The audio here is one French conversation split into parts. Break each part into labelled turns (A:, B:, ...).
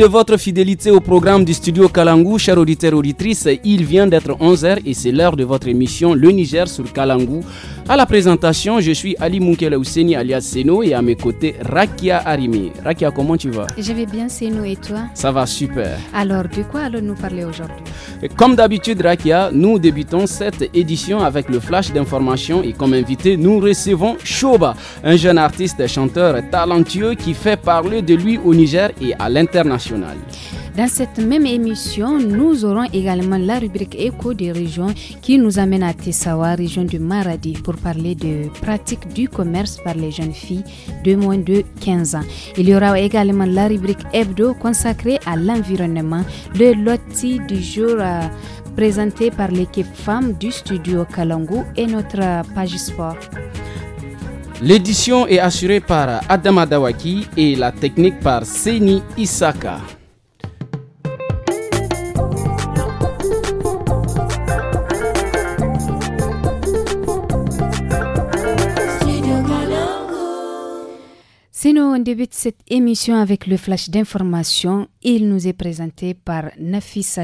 A: de votre fidélité au programme du studio Kalangou, chers auditeurs auditrices. Il vient d'être 11h et c'est l'heure de votre émission Le Niger sur Kalangou. À la présentation, je suis Ali Moukele Ouseni alias Seno et à mes côtés Rakia Arimi. Rakia, comment tu vas
B: Je vais bien Seno et toi
A: Ça va super.
B: Alors, de quoi allons-nous parler aujourd'hui
A: Comme d'habitude Rakia, nous débutons cette édition avec le flash d'information et comme invité, nous recevons Shoba, un jeune artiste et chanteur talentueux qui fait parler de lui au Niger et à l'international.
B: Dans cette même émission, nous aurons également la rubrique écho des régions qui nous amène à Tessawa, région du Maradi, pour parler de pratiques du commerce par les jeunes filles de moins de 15 ans. Il y aura également la rubrique hebdo consacrée à l'environnement, le loti du jour euh, présenté par l'équipe femme du studio Kalangu et notre page sport.
A: L'édition est assurée par Adama Dawaki et la technique par Seni Isaka.
B: C'est nous, on débute cette émission avec le flash d'information. Il
C: nous est présenté par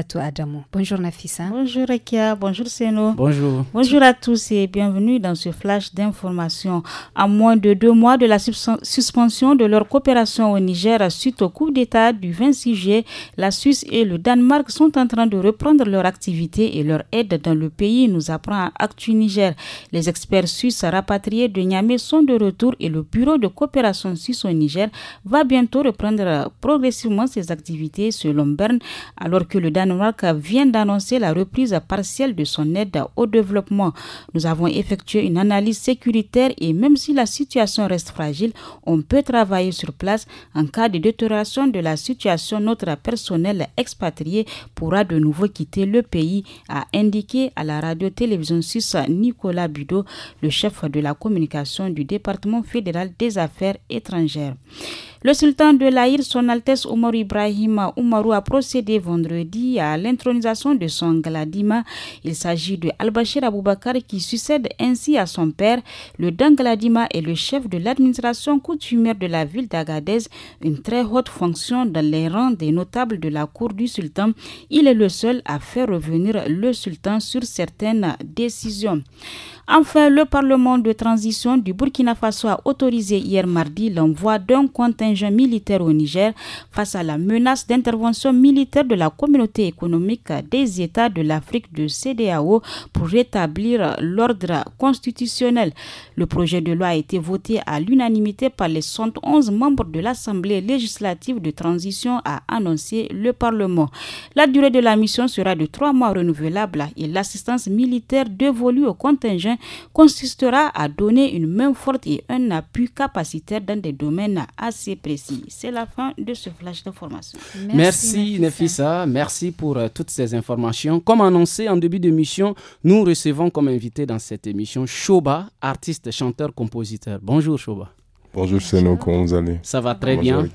C: To Adamo. Bonjour Nafissa. Bonjour Rekia, bonjour Seno. Bonjour. Bonjour à tous et bienvenue dans ce flash d'information. À moins de deux mois de la suspension de leur coopération au Niger suite au coup d'État du 26 juillet, la Suisse et le Danemark sont en train de reprendre leur activité et leur aide dans le pays, nous apprend Actu Niger. Les experts suisses rapatriés de Niamey sont de retour et le bureau de coopération au Niger va bientôt reprendre progressivement ses activités selon Bern, alors que le Danemark vient d'annoncer la reprise partielle de son aide au développement. Nous avons effectué une analyse sécuritaire et même si la situation reste fragile, on peut travailler sur place. En cas de détérioration de la situation, notre personnel expatrié pourra de nouveau quitter le pays, a indiqué à la radio-télévision suisse Nicolas Budeau, le chef de la communication du département fédéral des affaires étrangères. Le sultan de l'Aïr, son Altesse Omar Ibrahim Oumarou, a procédé vendredi à l'intronisation de son Gladima. Il s'agit de Al-Bashir Aboubakar qui succède ainsi à son père. Le Gladima est le chef de l'administration coutumière de la ville d'Agadez, une très haute fonction dans les rangs des notables de la cour du sultan. Il est le seul à faire revenir le sultan sur certaines décisions. Enfin, le Parlement de transition du Burkina Faso a autorisé hier mardi l'envoi d'un contingent militaire au Niger face à la menace d'intervention militaire de la communauté économique des États de l'Afrique de CDAO pour rétablir l'ordre constitutionnel. Le projet de loi a été voté à l'unanimité par les 111 membres de l'Assemblée législative de transition, a annoncé le Parlement. La durée de la mission sera de trois mois renouvelable et l'assistance militaire dévolue au contingent consistera à donner une main forte et un appui capacitaire dans des domaines assez précis. C'est la fin de ce flash d'information. Merci, Merci
A: Nefissa. Merci pour euh, toutes ces informations. Comme annoncé en début d'émission, nous recevons comme invité dans cette émission Shoba, artiste, chanteur, compositeur. Bonjour Shoba.
D: Bonjour Senoko, vous allez
A: Ça va très bien.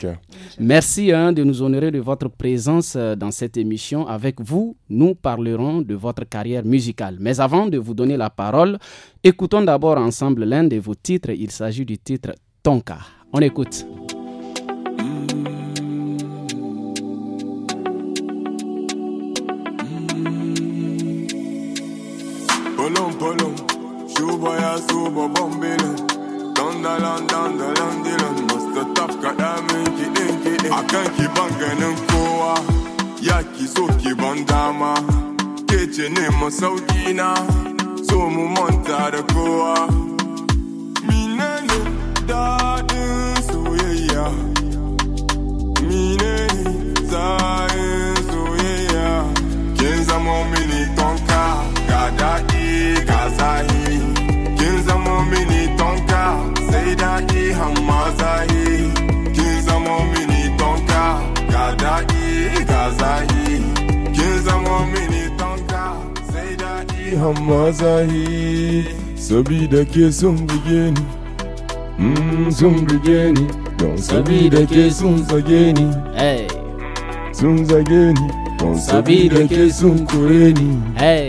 A: Merci hein, de nous honorer de votre présence euh, dans cette émission. Avec vous, nous parlerons de votre carrière musicale. Mais avant de vous donner la parole, écoutons d'abord ensemble l'un de vos titres. Il s'agit du titre Tonka. On écoute.
D: Wonderland, Wonderland, Elon Musk, the top cat, I make Inky Inky. I can't keep on getting koa, yaki, soki, bandama, keche, nemo, saudina, so mu monta, the koa, minene, dadin, so yeah, yeah, minene, yi daɗi hamma zahi kin zamo mini tonka ga Gazahi, ga kin zamo mini tonka sai daɗi hamma zahi da ke sun bugeni mm, sun bugeni don don da ke sun Zageni, ni hey. sun zage ni don da ke sun kore
A: hey.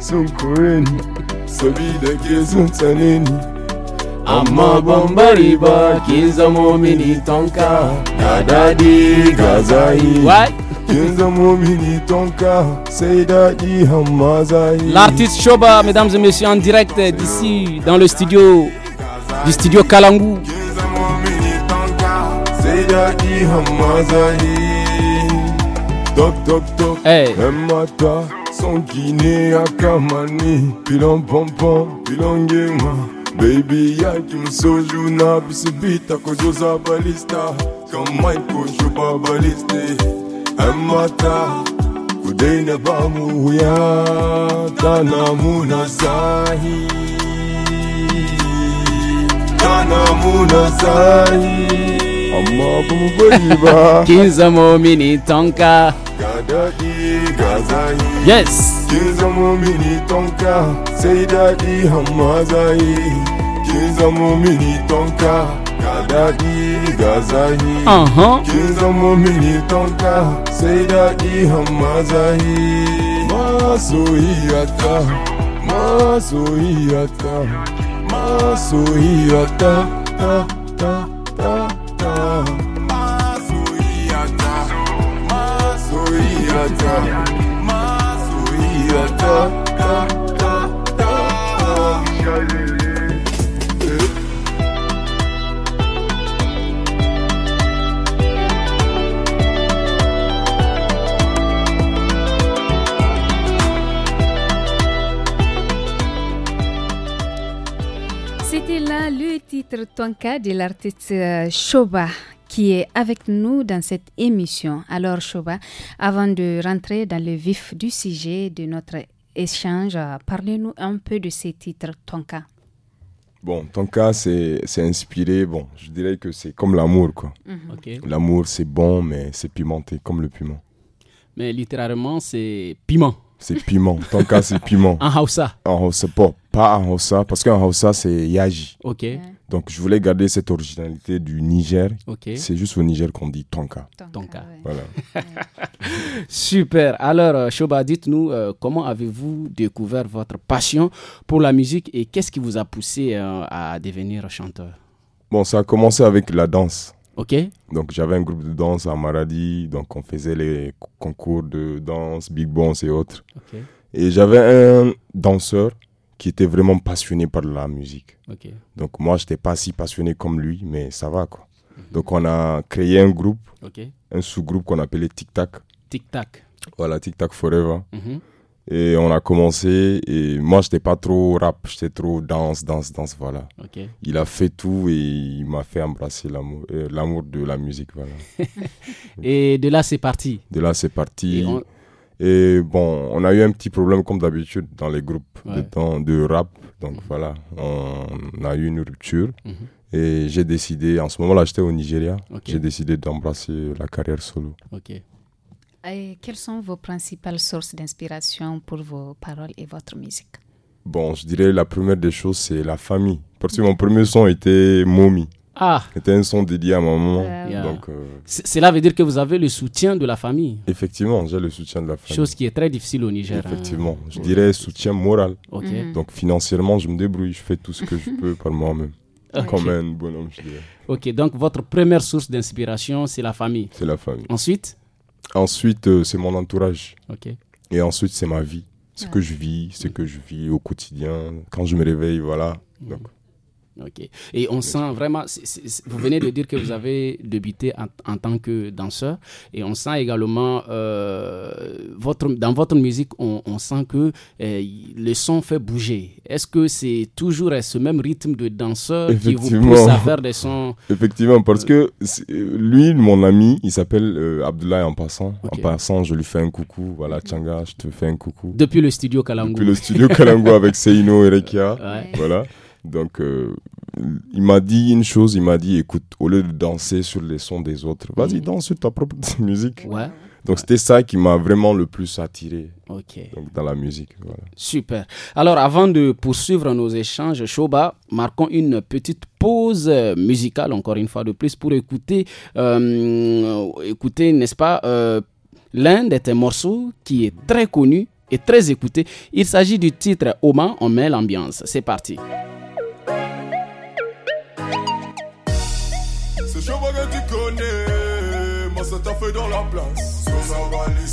A: sun
D: kore Sabi da ke sun tsane amma bombari ba mini tonka da gazai ga zahi mini tonka sai daɗi hamma
A: l'artiste choba mesdames et messieurs en direct d'ici dans le studio du studio Kalangu
D: Toc toc toc, hey. mata son à kamani pilon pompon pilon gema Baby, yaki msonju na bisibita ko joza balista Kama iko shupa baliste Emata, kudene bamu ya Tana muna sahi Tana muna sahi Amma bumu
A: kwa Kinza momini Yes!
D: Kin zamo mini tonka sai daɗi hamma zahi Kin zamo mini tonka ga daɗi ga zahi uh-huh. Kin zamo mini tonka sai daɗi hamma zahi Masoyiyata Masoyiyata Masoyiyata ta
E: ta ta ta Masoyiyata Masoyiyata
B: C'était là le titre Tonka de l'artiste euh, Shoba qui est avec nous dans cette émission. Alors, Choba, avant de rentrer dans le vif du sujet de notre échange, parlez-nous un peu de ces titres Tonka.
D: Bon, Tonka, c'est inspiré. Bon, je dirais que c'est comme l'amour, quoi. Mhm. L'amour, c'est bon, mais c'est pimenté, comme le piment.
A: Mais littéralement, c'est
D: piment. C'est piment. Tonka, c'est piment. En Hausa. En Hausa, pas, pas en Hausa, parce qu'en Hausa, c'est Yaji. Ok. Donc, je voulais garder cette originalité du Niger. C'est juste au Niger qu'on dit Tonka. Tonka. Voilà.
A: Super. Alors, euh, Shoba, dites-nous, euh, comment avez-vous découvert votre passion pour la musique et qu'est-ce qui vous a poussé euh, à devenir chanteur Bon,
D: ça a commencé avec la danse. Ok. Donc j'avais un groupe de danse à Maradi, donc on faisait les concours de danse, big bounce et autres. Et j'avais un danseur qui était vraiment passionné par la musique. Donc moi j'étais pas si passionné comme lui, mais ça va quoi. Mhm. Donc on a créé un groupe, un sous-groupe qu'on appelait Tic Tac. Tic Tac. Voilà Tic Tac Forever. Mhm. Et on a commencé, et moi j'étais pas trop rap, j'étais trop danse, danse, danse, voilà. Il a fait tout et il m'a fait embrasser l'amour euh, l'amour de la musique, voilà.
A: et de là c'est parti
D: De là c'est parti. Et, bon, on a eu un petit problème comme d'habitude dans les groupes de, temps, de rap, donc mhm. voilà, on a eu une rupture. Mhm. Et j'ai décidé, en ce moment-là j'étais au Nigeria, j'ai décidé d'embrasser la carrière solo.
B: Ok, quelles sont vos principales sources d'inspiration pour vos paroles et votre musique
D: Bon, je dirais la première des choses, c'est la famille. Parce que mon premier son était Momi ». Ah. C'était un son dédié à ma maman. Euh, donc,
A: euh, Cela veut dire que vous avez le soutien de la famille.
D: Effectivement, j'ai le soutien de la famille.
A: Chose qui est très difficile au Niger. Hein. Effectivement, je dirais
D: soutien moral. Mhm. Donc financièrement, je me débrouille, je fais tout ce que je peux par moi-même. Comme un bonhomme, je
A: dirais. Ok, donc votre première source d'inspiration, c'est la famille. C'est
D: la famille. Ensuite Ensuite, euh, c'est mon entourage. Et ensuite, c'est ma vie. Ce que je vis, ce que je vis au quotidien, quand je me réveille, voilà.
A: Donc, Ok. Et on sent vraiment, vous venez de dire que vous avez débuté en, tant que danseur, et on sent également, euh, votre, dans votre musique, on, sent que euh, le son fait bouger. Est-ce que c'est toujours ce même rythme de danseur qui vous pousse à faire des sons
D: Effectivement, parce que lui, mon ami, il s'appelle Abdullah Abdoulaye en passant. En passant, je lui fais un coucou. Voilà, Tchanga, je te fais un coucou. Depuis le studio Kalangu. Depuis le studio Kalangu avec Seino et Rekia. Voilà. Donc, euh, il m'a dit une chose, il m'a dit, écoute, au lieu de danser sur les sons des autres, vas-y, danse sur ta propre musique. Donc, c'était ça qui m'a vraiment le plus attiré dans la musique.
A: Super. Alors, avant de poursuivre nos échanges, Shoba, marquons une petite pause euh, musicale, encore une fois de plus, pour écouter, euh, n'est-ce pas, l'un de tes morceaux qui est très connu et très écouté. Il s'agit du titre Oman, on met l'ambiance. C'est parti.
D: Ça t'a fait dans la place.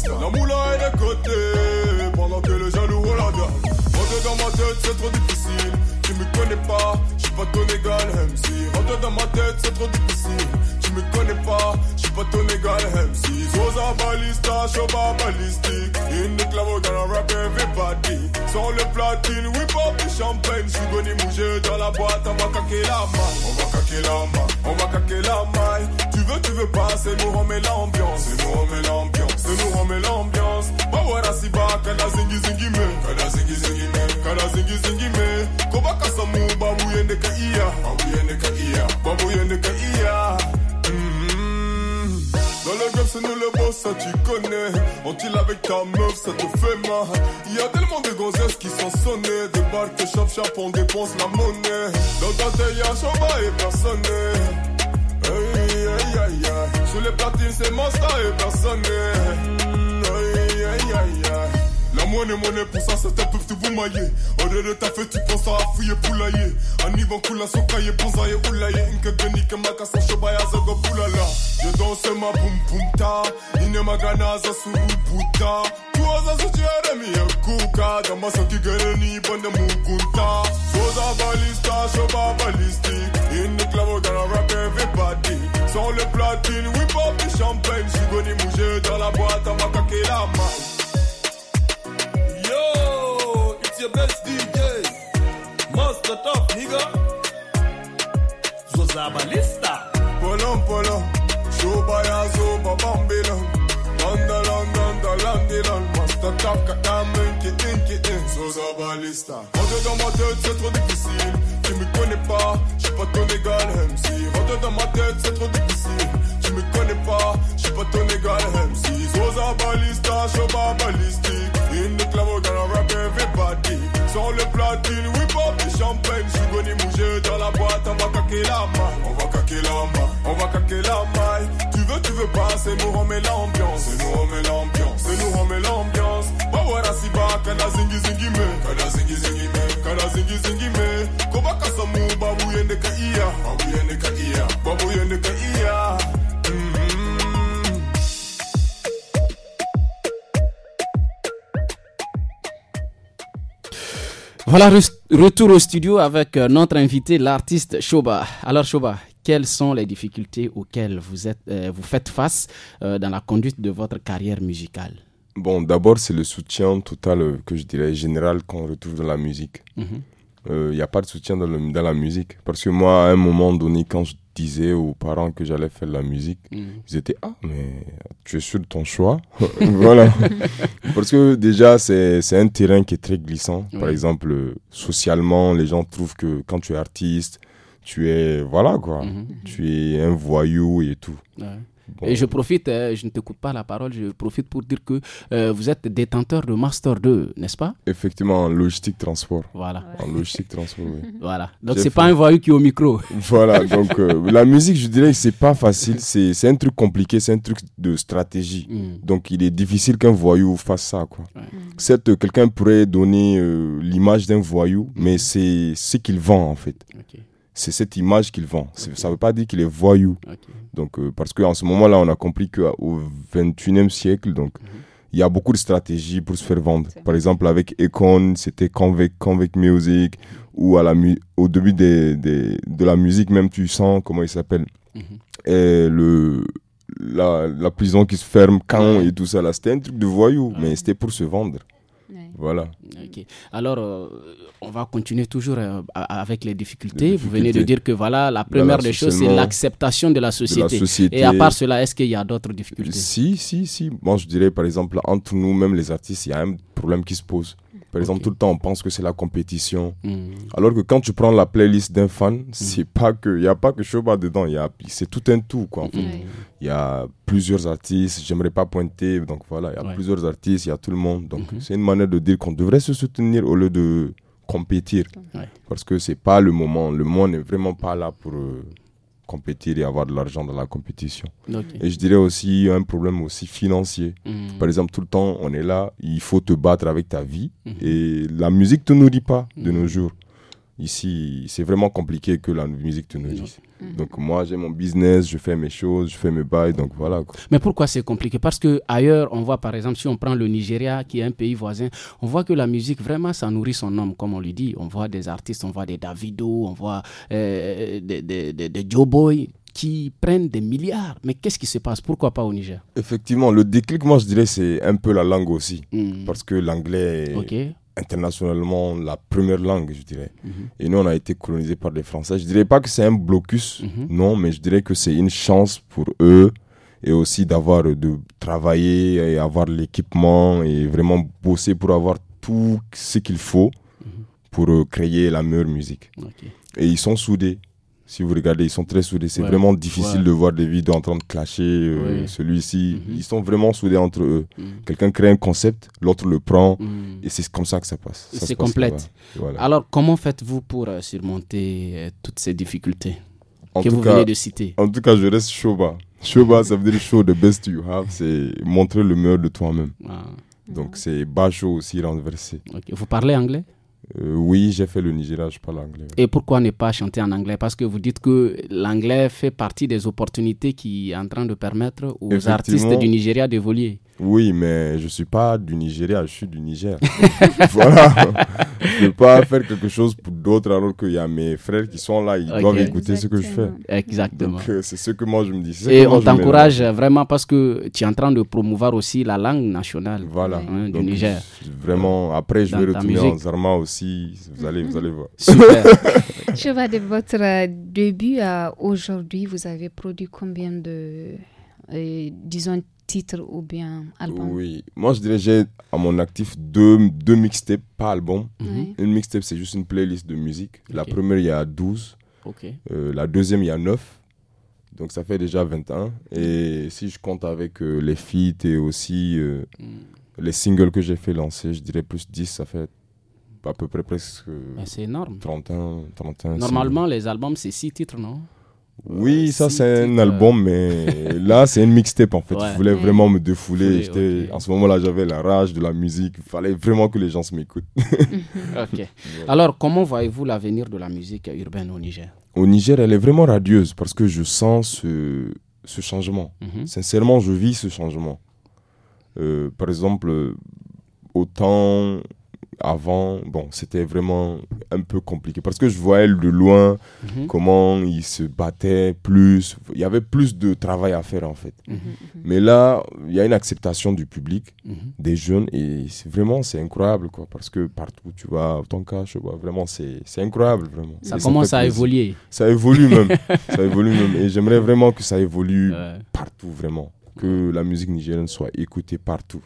D: La moula est de côté, pendant que le jaloux la regarde. Rentre dans ma tête, c'est trop difficile. Tu me connais pas, je suis pas ton égal, MC. Rentre dans ma tête, c'est trop difficile tu me connais pas, je suis pas ton égal M6 Rosa Balista, balistique. Ballistique the club, dans la rap everybody Sans le platine, whip up du champagne Je suis venu mouger dans la boîte, on va caquer la main On va caquer la main, on va caquer la maille Tu veux, tu veux pas, c'est nous on met l'ambiance C'est nous on met l'ambiance, c'est nous on met l'ambiance Bawara Siba, kada Zingi Zingi Me Kana Zingi Zingi Me Kana Zingi Zingi Me Koba Samu, Babu Yende Ka Iya Babu Yende Ka Iya Babu Yende Ka Iya dans le golf, c'est nous le boss, ça tu connais. On chill avec ta meuf, ça te fait mal. Il y a tellement de gonzesses qui sont sonnées. Des barques, chop chop, on dépense la monnaie. Dans ta tête, y'a et personne. Hey, hey, hey, hey. Sous les platines, c'est monstre et personne. Hey, hey, hey, hey monnaie, monnaie, pour ça, certains peuvent te vous mailler. Au lieu de fait tu penses à fouiller, pour poulailler. niveau bankula, son cahier, bonsaïe, oulaye. Inke geni, ke maka, son chobaya, zago, là Je danse ma boum boum ta. Ine magana, za suru buta. Tuwa za suci, ademi, ya ma Dama sanki geni, bande mugunta. Soza balista, choba balistique. Ine clavo, dans la rap, everybody. Sans le platine, we pop, champagne. J'suis goni, mouger dans la boîte, à ma la main your best DJ? Master top, dans ma tête, c'est trop difficile. Tu me connais pas, je suis pas ton égal, MC. Rentre dans ma tête, c'est trop difficile. Tu me connais pas, je suis pas ton égal, MC. Sosa balista, choba balistique. In the club, we're gonna rap everybody. Sans le platine, we pop the champagne. J'suis venu bouger dans la boîte, on va caquer la main. On va caquer la main, on va caquer la main. Tu veux, tu veux pas, c'est nous met l'ambiance. C'est nous met l'ambiance, c'est nous met l'ambiance. Bah, si siba, kana zingi zingi me. Kana zingi zingi me, kana zingi zingi me. Koba kasamu, babu yende ka iya. Babu yende ka iya, babu yende ka iya.
A: Voilà, retour au studio avec euh, notre invité, l'artiste Shoba. Alors Shoba, quelles sont les difficultés auxquelles vous, êtes, euh, vous faites face euh, dans la conduite de votre carrière musicale
D: Bon, d'abord, c'est le soutien total, que je dirais général, qu'on retrouve dans la musique. Il mhm. n'y a pas de soutien dans, dans, la musique. Parce que moi, à un moment donné, quand je disais aux parents que j'allais faire de la musique, mm. ils étaient Ah, mais tu es sûr de ton choix Voilà. Parce que déjà, c'est un terrain qui est très glissant. Par exemple, socialement, les gens trouvent que quand tu es artiste, tu es. Voilà quoi. Mm-hmm. Tu es un voyou et tout.
A: Ouais. Et je profite, euh, je ne te pas la parole, je profite pour dire que euh, vous êtes détenteur de Master 2, n'est-ce pas
D: Effectivement, en logistique transport. Voilà. En logistique transport, oui. Voilà. Donc, c'est n'est pas un voyou qui est au
A: micro. Voilà. Donc, euh,
D: la musique, je dirais que c'est pas facile. C'est un truc compliqué, c'est un truc de stratégie. Mm. Donc, il est difficile qu'un voyou fasse ça, quoi. Mm. quelqu'un pourrait donner l'image d'un voyou, mm. mais c'est ce qu'il vend, en fait. Ok c'est cette image qu'il vend. Ça ne veut pas dire qu'il est voyou. Donc, euh, parce parce qu'en ce moment-là, on a compris qu'au 21e siècle, donc, mhm. il y a beaucoup de stratégies pour se faire vendre. Par exemple, avec Econ, c'était Convec Music, ou à la au début des, de la musique, même tu sens, comment il s'appelle mhm. le, la, prison qui se ferme, quand et tout ça, là, c'était un truc de voyou, mais c'était pour se vendre. Voilà.
A: Alors, euh, on va continuer toujours euh, avec les difficultés. Vous venez de dire que voilà, la première des choses, c'est l'acceptation de, la société. Et à part cela, est-ce qu'il y a d'autres difficultés Si, si,
D: si. Moi, je dirais, par exemple, entre nous même les artistes, il y a un problème qui se pose. Par exemple, tout le temps, on pense que c'est la compétition. Hmm. Alors que quand tu prends la playlist d'un fan, hmm. c'est pas que, il n'y a pas que Shoba dedans, y a, c'est tout un tout, quoi. Il y a plusieurs artistes, j'aimerais pas pointer, donc voilà, il y a plusieurs artistes, il y a tout le monde. Donc mhm. c'est une manière de dire qu'on devrait se soutenir au lieu de compétir. Parce que c'est pas le moment. Le monde n'est vraiment pas là pour. Euh, compétir et avoir de l'argent dans la compétition. Et je dirais aussi un problème aussi financier. Hmm. Par exemple, tout le temps, on est là, il faut te battre avec ta vie. Hmm. Et la musique ne te nourrit pas de hmm. nos jours. Ici, c'est vraiment compliqué que la musique te nourrisse. Mm. Donc moi, j'ai mon business, je fais mes choses, je fais mes bails, donc voilà.
A: Mais pourquoi c'est compliqué Parce que ailleurs, on voit par exemple, si on prend le Nigeria, qui est un pays voisin, on voit que la musique, vraiment, ça nourrit son homme, comme on lui dit. On voit des artistes, on voit des Davido, on voit euh, des, des, des, Joe Boy, qui prennent des milliards. Mais qu'est-ce qui se passe Pourquoi pas au Niger
D: Effectivement, le déclic, moi je dirais, c'est un peu la langue aussi. Mm. Parce que l'anglais, ok internationalement la première langue, je dirais. Mhm. Et nous, on a été colonisés par les Français. Je dirais pas que c'est un blocus, mhm. non, mais je dirais que c'est une chance pour eux et aussi d'avoir euh, de travailler et avoir l'équipement et vraiment bosser pour avoir tout ce qu'il faut mhm. pour euh, créer la meilleure musique. Et ils sont soudés si vous regardez, ils sont très soudés. C'est vraiment difficile de voir des vidéos en train de clasher euh, celui-ci. Mhm. Ils sont vraiment soudés entre eux. Mhm. Quelqu'un crée un concept, l'autre le prend, mhm. et c'est comme ça que ça passe. C'est complète.
A: Alors, comment faites-vous pour euh, surmonter euh, toutes ces difficultés que vous venez de citer
D: En tout cas, je reste Shoba. Shoba, ça veut dire show the best you have. C'est montrer le meilleur de toi-même. Ah. Donc, c'est show aussi renversé. Vous parlez anglais euh, oui, j'ai fait le Nigeria, je parle anglais.
A: Et pourquoi ne pas chanter en anglais Parce que vous dites que l'anglais fait partie des opportunités qui est en train de permettre aux artistes du Nigeria d'évoluer.
D: Oui, mais je ne suis pas du Nigeria, je suis du Niger. voilà. Je ne peux pas faire quelque chose pour d'autres alors qu'il y a mes frères qui sont là, ils doivent écouter ce que je fais. Exactement. Euh, c'est ce que moi je me dis. Et on t'encourage
A: vraiment parce que tu es en train de promouvoir aussi la langue nationale hein, du Niger. Vraiment, après je vais retourner en Zarma
D: aussi, vous allez, vous allez voir. Super.
B: je vois de votre euh, début à aujourd'hui, vous avez produit combien de, euh, disons, titre ou bien albums Oui,
D: moi je dirais j'ai à mon actif deux, deux mixtapes, pas album. Mhm. Une mixtape c'est juste une playlist de musique. La première il y a 12, euh, la deuxième il y a 9, donc ça fait déjà 21. Et si je compte avec euh, les feats et aussi euh, mm. les singles que j'ai fait lancer, je dirais plus 10, ça fait à peu près presque...
A: Ah, c'est énorme. 31, Normalement les albums c'est 6 titres, non
D: oui, euh, ça c'est un album, euh, mais là c'est une mixtape en fait. Je voulais vraiment me défouler. J'étais, En ce moment-là, j'avais la rage de la musique. Il fallait vraiment que les gens se m'écoutent.
A: ok. Alors, comment voyez-vous l'avenir de la musique urbaine au Niger
D: Au Niger, elle est vraiment radieuse parce que je sens ce, ce changement. Mhm. Sincèrement, je vis ce changement. Euh, par exemple, autant avant, bon, c'était vraiment un peu compliqué parce que je voyais de loin mhm. comment ils se battaient plus. Il y avait plus de travail à faire en fait. Mhm. Mhm. Mais là, il y a une acceptation du public, des jeunes et c'est vraiment c'est incroyable quoi parce que partout tu vas, ton cas, je vois, vraiment c'est incroyable vraiment. Ça commence à évoluer. Ça évolue même, ça évolue même et j'aimerais vraiment que ça évolue partout vraiment, que la musique nigérienne soit écoutée partout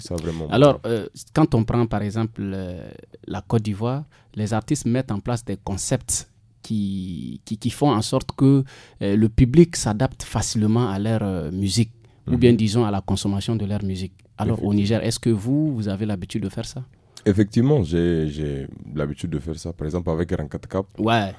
D: ça vraiment. Alors,
A: euh, quand on prend par exemple euh, la Côte d'Ivoire, les artistes mettent en place des concepts qui, qui, font en sorte que euh, le public s'adapte facilement à leur musique, ou mhm. bien disons à la consommation de leur musique. Alors au Niger, est-ce que vous, vous avez l'habitude de faire ça
D: Effectivement, j'ai l'habitude de faire ça. Par exemple, avec Rankat Cap. Ouais.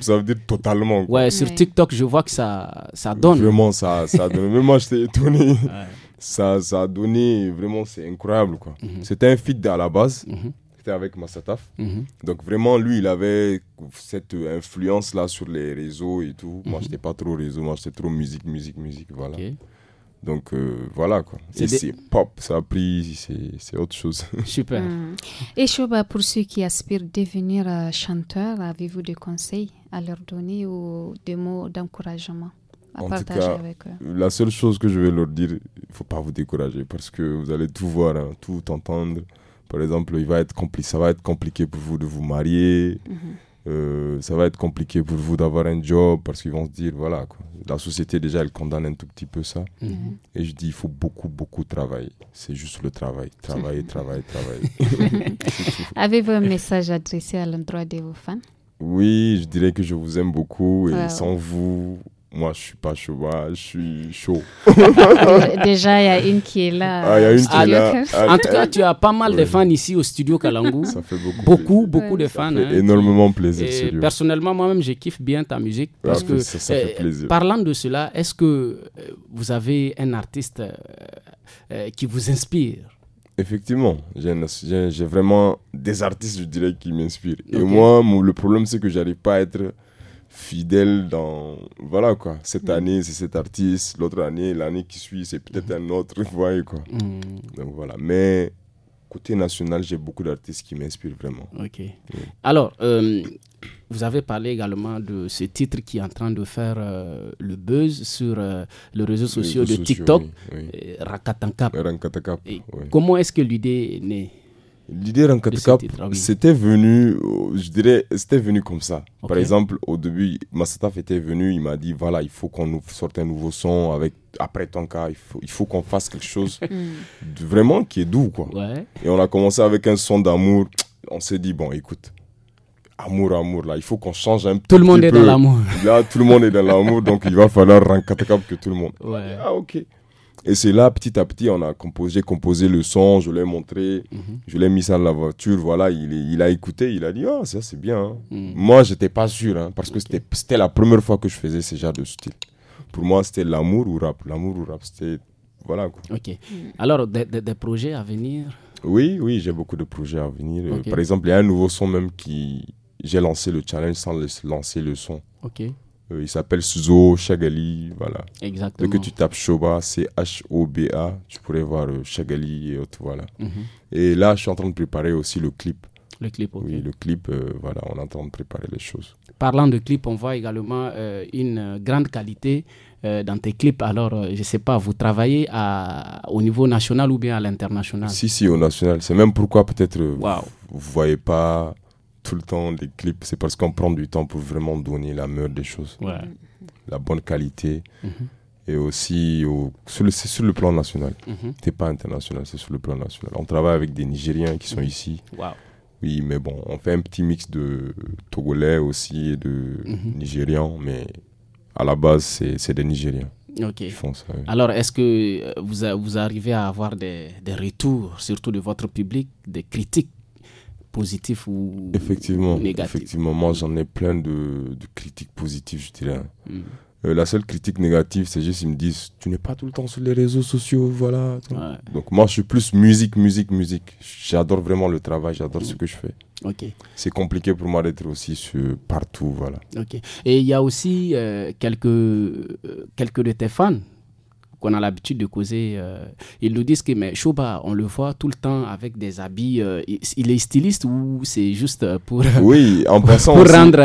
D: ça veut dire totalement. Ouais, sur TikTok, je vois que ça, ça donne. Vraiment, ça, ça donne. Même moi, j'étais étonné. Ouais ça, ça a donné vraiment, c'est incroyable. quoi. Mhm. C'était un feat à la base. Mhm. C'était avec Massataf. Mhm. Donc vraiment, lui, il avait cette influence-là sur les réseaux et tout. Moi, j'étais pas trop réseau, moi, j'étais trop musique, musique, musique, voilà. Donc euh, voilà quoi. c'est pop, ça a pris, c'est autre chose. Super.
A: Mm.
B: Et Shoba, pour ceux qui aspirent à devenir euh, chanteurs, avez-vous des conseils à leur donner ou des mots d'encouragement en tout cas,
D: La seule chose que je vais leur dire, il faut pas vous décourager parce que vous allez tout voir, hein, tout entendre. Par exemple, il va être ça va être compliqué pour vous de vous marier. Mm-hmm. Euh, ça va être compliqué pour vous d'avoir un job parce qu'ils vont se dire voilà la société déjà elle condamne un tout petit peu ça mm-hmm. Mm-hmm. et je dis il faut beaucoup beaucoup travailler c'est juste le travail travailler travailler travailler avez-vous un
B: message adressé à l'endroit de vos fans
D: oui je dirais que je vous aime beaucoup et sans vous moi, je suis pas chaud, bah, je suis chaud.
B: Déjà, il y a une qui
A: est là. Ah, il y a une qui est là. En tout cas, tu as pas mal de fans ici au studio Kalangu. Ça fait beaucoup. Beaucoup, beaucoup de fans. Ça fait hein. énormément plaisir. Et personnellement, moi-même, je kiffe bien ta musique. Ah, parce que, ça, fait eh, plaisir. parlant de cela, est-ce que euh, vous avez un artiste euh, euh, qui vous inspire
D: Effectivement, j'ai vraiment des artistes, je dirais, qui m'inspirent. Et moi, le problème, c'est que j'arrive pas à être fidèle dans. Voilà quoi. Cette mm. année, c'est cet artiste. L'autre année, l'année qui suit, c'est peut-être un autre. Vous voyez quoi. Mm. Donc voilà. Mais côté national, j'ai beaucoup d'artistes qui m'inspirent vraiment.
A: Ok. Alors, euh, vous avez parlé également de ce titre qui est en train de faire euh, le buzz sur euh, le réseau social de TikTok, oui, oui. Comment est-ce que l'idée est née L'idée Rankatkap, ah c'était
D: venu, euh, je dirais, c'était venu comme ça. Par exemple, au début, Massataf était venu, il m'a dit voilà, il faut qu'on sorte un nouveau son avec après cas il faut, il faut qu'on fasse quelque chose mm. vraiment qui est doux, quoi. Et on a commencé avec un son d'amour. On s'est dit bon, écoute, amour, amour, là, il faut qu'on change un tout peu. Tout le monde est dans l'amour. Là, tout le monde est dans l'amour, donc il va falloir Rankatkap que tout le monde. Ah, ok. Et c'est là, petit à petit, on a composé, composé le son, je l'ai montré, mhm. je l'ai mis ça dans la voiture, voilà, il, il a écouté, il a dit, ah, oh, ça c'est bien. Hein. Moi, mhm. je Moi, j'étais pas sûr, hein, parce que c'était c'était la première fois que je faisais ce genre de style. Pour moi, c'était l'amour ou rap, l'amour ou rap, c'était, voilà.
A: Ok. Alors, des, projets à venir
D: Oui, oui, j'ai beaucoup de projets à venir. Par exemple, il y a un nouveau son même qui... J'ai lancé le challenge sans lancer le son. Ok. Euh, il s'appelle Suzo Chagali, voilà. Exactement. Dès que tu tapes Choba, c'est H-O-B-A, tu pourrais voir Chagali euh, et autres, voilà. Mhm. Et là, je suis en train de préparer aussi le clip. Le clip, ok. Oui, le clip, euh, voilà, on est en train de préparer les choses.
A: Parlant de clip, on voit également une grande qualité dans tes clips. Alors, je ne sais pas, vous travaillez à, au niveau national ou bien à l'international Si,
D: si, au national. C'est même pourquoi peut-être vous ne voyez pas tout le temps les clips, c'est parce qu'on prend du temps pour vraiment donner la meilleure des choses, mm-hmm. la bonne qualité. Mm-hmm. Et aussi, sur le, c'est sur le plan national. Ce mm-hmm. n'est pas international, c'est sur le plan national. On travaille avec des Nigériens qui sont ici. Oui, mais bon, on fait un petit mix de Togolais aussi et de Nigérians, mais à la base, c'est, des Nigériens.
A: font ça, Alors, est-ce que euh, vous, vous arrivez à avoir des, des retours, surtout de votre public, des critiques positif ou effectivement, négatif
D: Effectivement, moi j'en ai plein de, critiques positives, je dirais. Hmm. Euh, la seule critique négative, c'est juste ils me disent tu n'es pas tout le temps sur les réseaux sociaux, voilà. Donc moi je suis plus musique, musique, musique. J'adore vraiment le travail, j'adore ce hmm. que je fais. C'est compliqué pour moi d'être aussi sur, partout, voilà.
A: Et il y a aussi euh, quelques euh, quelques de tes fans qu'on a l'habitude de causer. Euh, ils nous disent que mais Choba, on le voit tout le temps avec des habits. Euh, il est styliste ou c'est juste euh, pour, oui, en passant pour rendre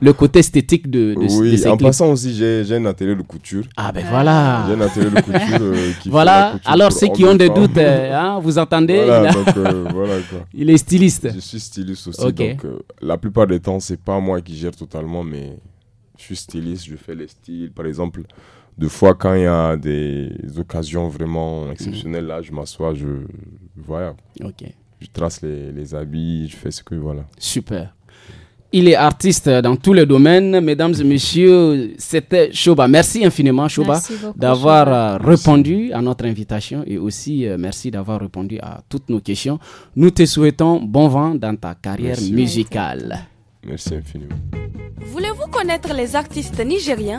A: le côté esthétique de, de Oui, en passant
D: aussi, j'ai un atelier de couture. Ah ben voilà. Ah. J'ai un atelier de couture. qui voilà, alors ceux qui ont des doutes, hein,
A: vous entendez voilà, il, donc, voilà, quoi. il est styliste. Je
D: suis styliste aussi. Donc la plupart des temps, c'est pas moi qui gère totalement, mais je suis styliste, je fais les styles. Par exemple, deux fois, quand il y a des occasions vraiment exceptionnelles, là, je m'assois, je, voilà, ok je trace les, habits, je fais ce que,
A: voilà. Super. Il est artiste dans tous les domaines. Mesdames et messieurs, c'était Shoba. Merci infiniment, Shoba, d'avoir euh, répondu à notre invitation et aussi euh, merci d'avoir répondu à toutes nos questions. Nous te souhaitons bon vent dans ta carrière musicale. Merci infiniment.
F: Voulez-vous connaître les artistes nigériens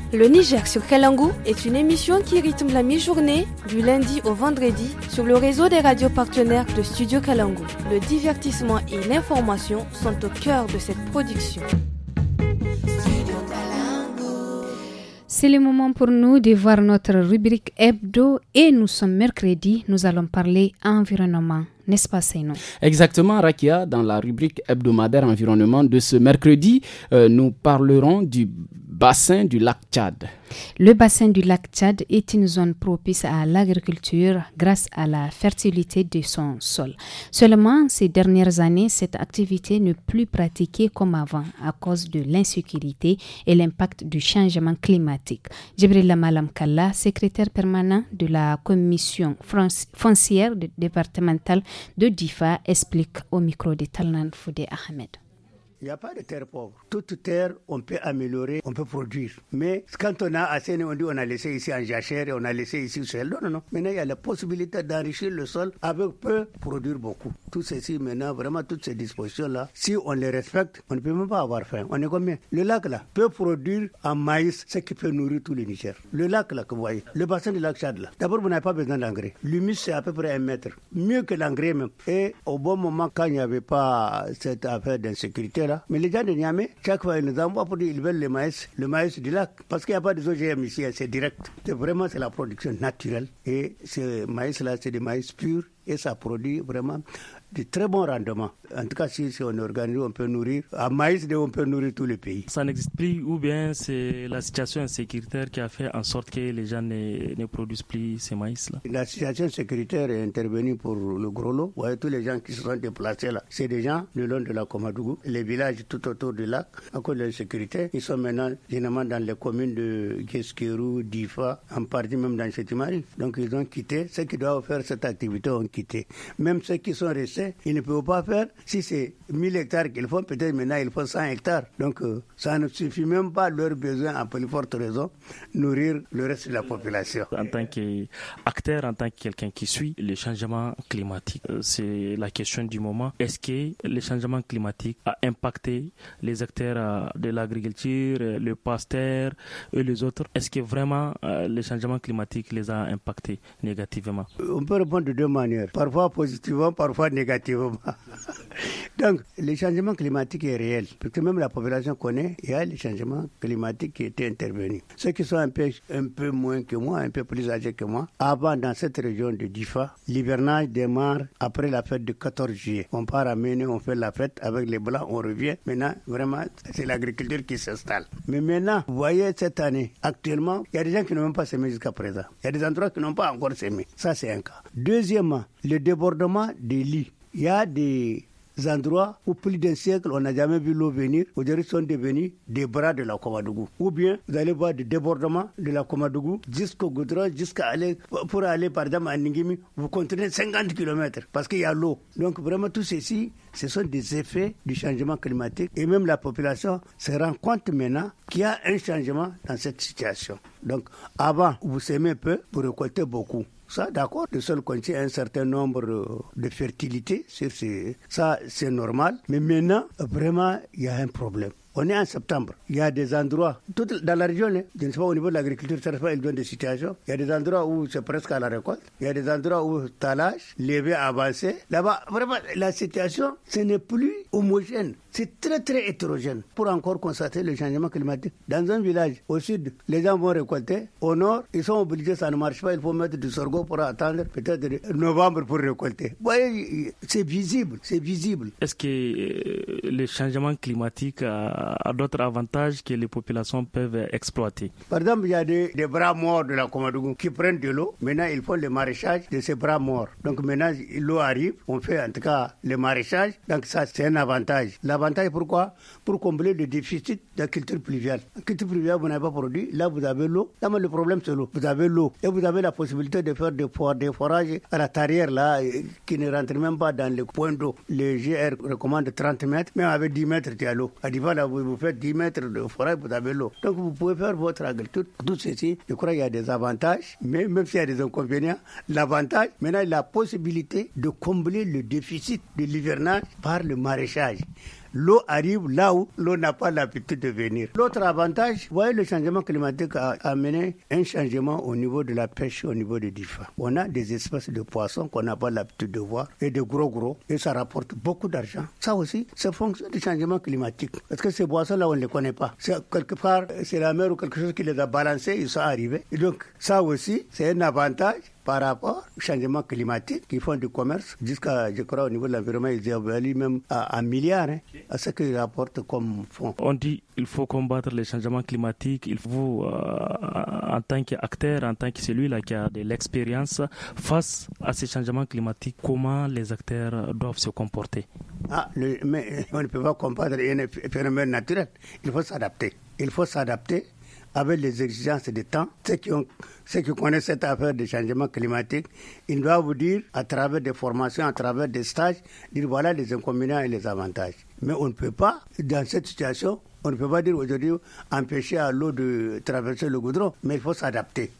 F: Le Niger sur Kalangu est une émission qui rythme la mi-journée du lundi au vendredi sur le réseau des radios partenaires de Studio Kalangu. Le divertissement et l'information sont au cœur de cette production.
B: C'est le moment pour nous de voir notre rubrique hebdo et nous sommes mercredi, nous allons parler environnement. N'est-ce pas, Seino
A: Exactement, Rakia, dans la rubrique hebdomadaire environnement de ce mercredi, euh, nous parlerons du du
B: Le bassin du lac Tchad est une zone propice à l'agriculture grâce à la fertilité de son sol. Seulement, ces dernières années, cette activité n'est plus pratiquée comme avant à cause de l'insécurité et l'impact du changement climatique. Djibril Malam Kalla, secrétaire permanent de la commission foncière départementale de DIFA, explique au micro de Talnan Foudé Ahmed.
G: Il n'y a pas de terre pauvre. Toute terre, on peut améliorer, on peut produire. Mais quand on a assez, on dit on a laissé ici en jachère et on a laissé ici sur Non, non, non. Maintenant, il y a la possibilité d'enrichir le sol avec peu, produire beaucoup. Tout ceci, maintenant, vraiment, toutes ces dispositions-là, si on les respecte, on ne peut même pas avoir faim. On est combien Le lac, là, peut produire en maïs ce qui peut nourrir tout le Niger. Le lac, là, que vous voyez, le bassin du lac chad là. D'abord, vous n'avez pas besoin d'engrais. L'humus, c'est à peu près un mètre. Mieux que l'engrais même. Et au bon moment, quand il n'y avait pas cette affaire d'insécurité, mais les gens de Niamey, chaque fois, ils nous envoient pour veulent le maïs, le maïs du lac. Parce qu'il n'y a pas de OGM ici, hein, c'est direct. C'est vraiment, c'est la production naturelle. Et ce maïs-là, c'est du maïs pur et ça produit vraiment de très bons rendements. En tout cas, si, si on organise, on peut nourrir. À maïs, on peut nourrir tout le pays. Ça n'existe plus ou bien c'est la
H: situation sécuritaire qui a fait en sorte que les gens ne, produisent plus ces maïs-là
G: La situation sécuritaire est intervenue pour le gros lot. Vous voyez, tous les gens qui se sont déplacés là, c'est des gens le long de la Komadougou, les villages tout autour du lac, à cause de la sécurité. Ils sont maintenant généralement dans les communes de Guesquerou, Difa, en partie même dans Chetimari. Donc ils ont quitté. Ceux qui doivent faire cette activité ont quitté. Même ceux qui sont restés il ils ne peuvent pas faire. Si c'est 1000 hectares qu'ils font, peut-être maintenant ils font 100 hectares. Donc euh, ça ne suffit même pas leurs besoins, à plus forte raison, nourrir le reste de la population. En tant qu'acteur, en tant que quelqu'un
H: qui suit les changements climatiques, euh, c'est la question du moment. Est-ce que les changements climatiques a impacté les acteurs euh, de l'agriculture, le pasteur et les autres Est-ce que vraiment les changements climatiques les a impactés négativement
G: On peut répondre de deux manières. Parfois positivement, parfois négativement Donc, le changement climatique est réel, parce que même la population connaît, il y a le changement climatique qui était intervenu. Ceux qui sont un peu, un peu moins que moi, un peu plus âgés que moi, avant dans cette région de Difa, l'hivernage démarre après la fête du 14 juillet. On part à Méné, on fait la fête avec les Blancs, on revient. Maintenant, vraiment, c'est l'agriculture qui s'installe. Mais maintenant, vous voyez, cette année, actuellement, il y a des gens qui n'ont même pas semé jusqu'à présent. Il y a des endroits qui n'ont pas encore semé. Ça, c'est un cas. Deuxièmement, le débordement des lits. Il y a des endroits où plus d'un siècle, on n'a jamais vu l'eau venir. Aujourd'hui, sont devenus des bras de la Komadougou. Ou bien, vous allez voir des débordements de la Komadougou jusqu'au Goudron, jusqu'à aller, pour aller, par exemple, à Ningimi, vous contenez 50 km parce qu'il y a l'eau. Donc, vraiment, tout ceci, ce sont des effets du changement climatique. Et même la population se rend compte maintenant qu'il y a un changement dans cette situation. Donc, avant, vous semez peu, vous récoltez beaucoup. Ça, d'accord, le sol contient un certain nombre de c'est ça c'est normal. Mais maintenant, vraiment, il y a un problème. On est en septembre. Il y a des endroits, tout dans la région, hein, je ne au niveau de l'agriculture, ça pas une des situations. Il y a des endroits où c'est presque à la récolte. Il y a des endroits où talage, levé avancé. Là-bas, vraiment, la situation, ce n'est plus homogène. C'est très, très hétérogène pour encore constater le changement climatique. Dans un village au sud, les gens vont récolter. Au nord, ils sont obligés, ça ne marche pas, il faut mettre du sorgho pour attendre peut-être novembre pour récolter. Vous c'est visible, c'est visible.
H: Est-ce que euh, le changement climatique a à d'autres avantages que les populations peuvent exploiter.
G: Par exemple, il y a des, bras morts de la Comadougou qui prennent de l'eau. Maintenant, ils font le maraîchage de ces bras morts. Donc maintenant, l'eau arrive, on fait en tout cas le maraîchage. Donc ça, c'est un avantage. L'avantage, pourquoi Pour combler le déficit de la culture pluviale. La culture pluviale, vous n'avez pas produit. Là, vous avez l'eau. Là, le problème, c'est l'eau. Vous avez l'eau. Et vous avez la possibilité de faire des, des forages à la tarière, là, euh, qui ne rentrent même pas dans le point d'eau. Le GR recommande 30 mètres. on avec 10 mètres, tu as l'eau. À vous, vous faites 10 mètres de forêt, vous avez l'eau. Donc vous pouvez faire votre agriculture. Tout ceci, je crois qu'il y a des avantages, mais même s'il y a des inconvénients, l'avantage, maintenant, il la possibilité de combler le déficit de l'hivernage par le maraîchage l'eau arrive là où l'eau n'a pas l'habitude de venir. L'autre avantage, vous voyez, le changement climatique a amené un changement au niveau de la pêche, au niveau des diffas. On a des espèces de poissons qu'on n'a pas l'habitude de voir et de gros gros, et ça rapporte beaucoup d'argent. Ça aussi, c'est fonction du changement climatique. Parce que ces poissons-là, on ne les connaît pas. C'est quelque part, c'est la mer ou quelque chose qui les a balancés, ils sont arrivés. Et donc, ça aussi, c'est un avantage par rapport au changement climatique qui font du commerce jusqu'à, je crois, au niveau de l'environnement, ils évaluent même à un milliard hein, à ce qu'ils apportent comme fonds.
H: On dit il faut combattre les changements climatiques, il faut, euh, en tant qu'acteur, en tant que celui-là qui a de l'expérience, face à ces changements climatiques, comment les acteurs doivent se comporter
G: ah, mais on ne peut pas combattre un phénomène naturel, il faut s'adapter. Il faut s'adapter avec les exigences des temps. Ceux qui, ont, connaissent cette affaire de changement climatique, ils doivent vous dire, à travers des formations, à travers des stages, dire voilà les inconvénients et les avantages. Mais on ne peut pas, dans cette situation, on ne peut pas dire aujourd'hui empêcher à l'eau de traverser le goudron, mais il faut s'adapter.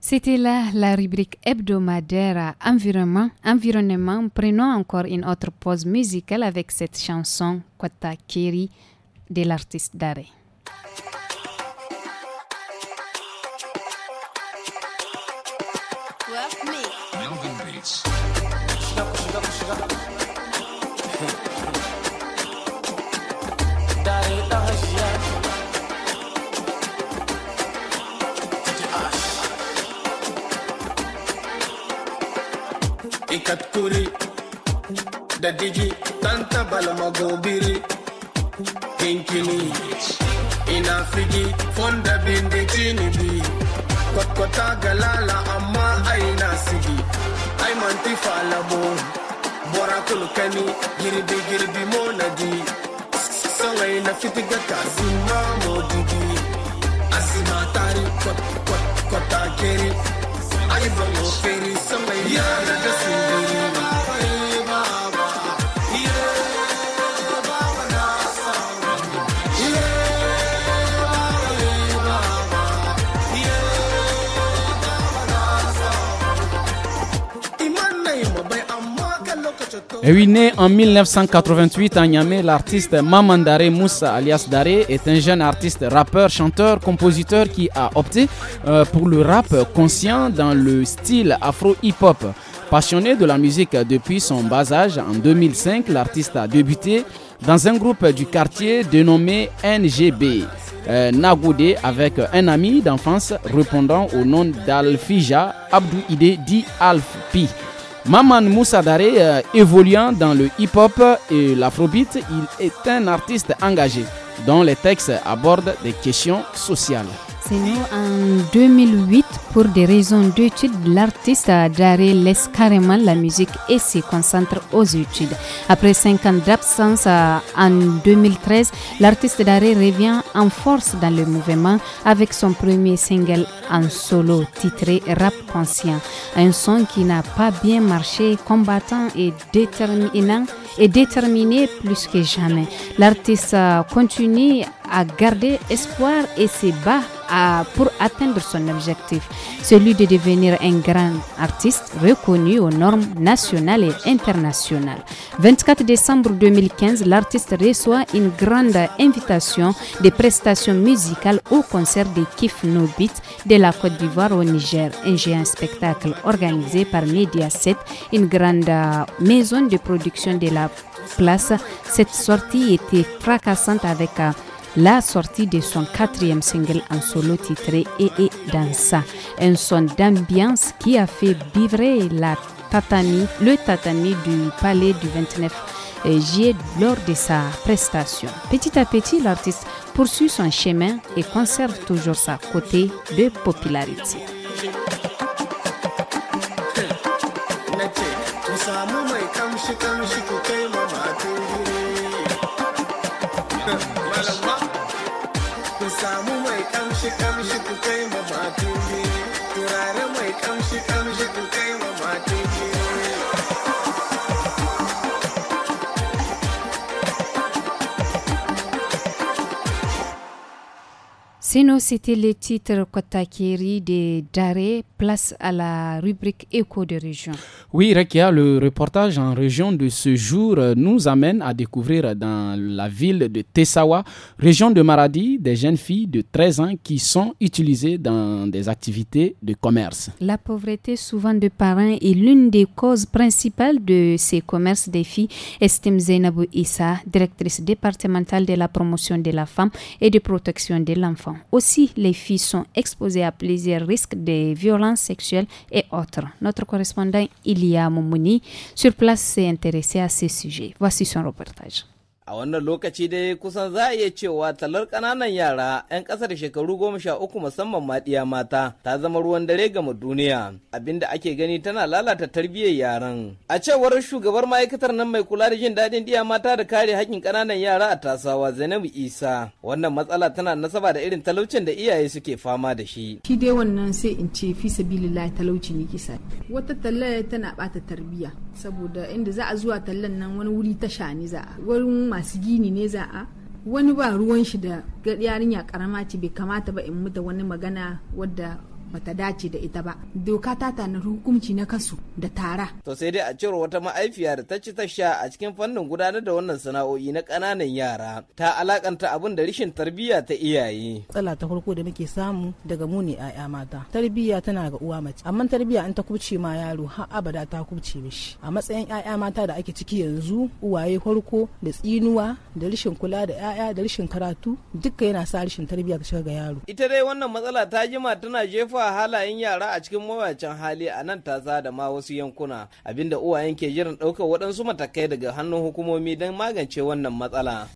B: C'était là la rubrique hebdomadaire Environnement. Environnement, prenons encore une autre pause musicale avec cette chanson Kwata Kiri de l'artiste Daré.
I: katkuri da tanta balama
A: gobiri dinkini ina figi fonda bindi tinibi kwakwata galala amma aina sigi
J: ai manti falabo bora kulkani girbi girbi monadi sangai na fitiga kazima modigi
I: asima tari kwat kwat आई बनो तेरी समैया रग सिंदूर
A: né en 1988 à Niamey, l'artiste Mamandare Moussa alias Dare est un jeune artiste, rappeur, chanteur, compositeur qui a opté euh, pour le rap conscient dans le style afro-hip-hop. Passionné de la musique depuis son bas âge, en 2005, l'artiste a débuté dans un groupe du quartier dénommé NGB. Euh, avec un ami d'enfance répondant au nom d'Alfija Abdou Ide dit Alfi. Maman Moussa euh, évoluant dans le hip-hop et l'afrobeat, il est un artiste engagé dont les textes abordent des questions sociales
B: en 2008, pour des raisons d'études, l'artiste Daré laisse carrément la musique et se concentre aux études. Après cinq ans d'absence en 2013, l'artiste Daré revient en force dans le mouvement avec son premier single en solo titré Rap Conscient, un son qui n'a pas bien marché, combattant et déterminant et déterminé plus que jamais. L'artiste continue a gardé espoir et s'est bas à, pour atteindre son objectif, celui de devenir un grand artiste reconnu aux normes nationales et internationales. 24 décembre 2015, l'artiste reçoit une grande invitation des prestations musicales au concert des Kif No Beat de la Côte d'Ivoire au Niger, un géant spectacle organisé par Mediaset, une grande euh, maison de production de la place. Cette sortie était fracassante avec euh, la sortie de son quatrième single en solo titré E.E. E Dansa, un son d'ambiance qui a fait vibrer la le tatami du palais du 29 juillet lors de sa prestation. Petit à petit, l'artiste poursuit son chemin et conserve toujours sa côté de popularité. dream Sinon, c'était les titres Kotakiri de Daré, place à la rubrique Écho de
K: région.
A: Oui, Rekia, le reportage en région de ce jour euh, nous amène à découvrir dans la ville de Tessawa, région de Maradi, des jeunes filles de 13 ans qui sont utilisées dans des activités de commerce.
B: La pauvreté souvent de parents est l'une des causes principales de ces commerces des filles, estime Zainabou Issa, directrice départementale de la promotion de la femme et de protection de l'enfant aussi les filles sont exposées à plusieurs risques de violences sexuelles et autres. Notre correspondant Ilia Momouni sur place s'est intéressé à ces sujets. Voici son reportage.
L: A wannan lokaci dai kusan za a iya cewa talar ƙananan yara 'yan ƙasar shekaru goma sha uku musamman maɗiya mata ta zama ruwan dare gama duniya abinda ake gani tana lalata tarbiyyar yaran. A cewar shugabar ma'aikatar nan mai kula da jin daɗin ɗiya mata da kare haƙƙin ƙananan yara a tasawa Zainabu Isa wannan matsala tana nasaba da irin talaucin da iyaye suke fama da shi.
B: Shi dai wannan sai in ce fi sabilillahi talauci ne kisa. Wata talla tana ɓata tarbiyya saboda inda za a zuwa tallan nan wani wuri tasha ne za a. Wurin masu gini ne za a wani ba ruwan shi da yarinya karama ce bai kamata ba in muta wani magana wadda bata dace da ita ba doka ta tanadi hukunci na kasu da
L: tara to sai dai a cewar wata ma'aifiya da ta ci ta sha a cikin fannin gudanar da wannan sana'o'i na ƙananan yara ta alakanta abin da rishin tarbiyya ta iyaye
K: tsala ta farko da muke samu daga mu ne 'ya'ya mata tarbiyya tana ga uwa mace amma tarbiyya an ta kubce ma yaro har abada ta kubce mishi a matsayin 'ya'ya mata da ake ciki yanzu uwaye farko da tsinuwa da rishin kula da 'ya'ya da rishin karatu duka yana sa rishin tarbiyya ta shiga ga yaro
L: ita dai wannan matsala ta jima tana jefa jefa halayen yara a cikin mawacin hali a nan ta da ma wasu yankuna abinda uwayen ke jiran ɗaukar waɗansu matakai daga hannun hukumomi don magance wannan matsala.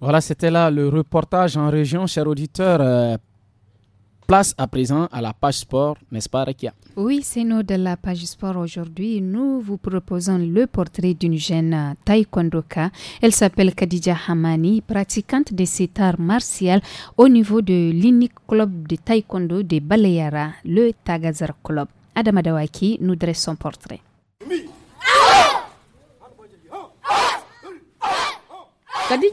A: Voilà, c'était là le reportage en région, chers auditeurs. Euh, Place à présent à la page sport, n'est-ce pas, Rekia
B: Oui, c'est nous de la page sport aujourd'hui. Nous vous proposons le portrait d'une jeune taekwondoka. Elle s'appelle Khadija Hamani, pratiquante de cet art martial au niveau de l'unique club de taekwondo de Balayara, le Tagazar Club. Adama Dawaki
K: nous dresse son portrait.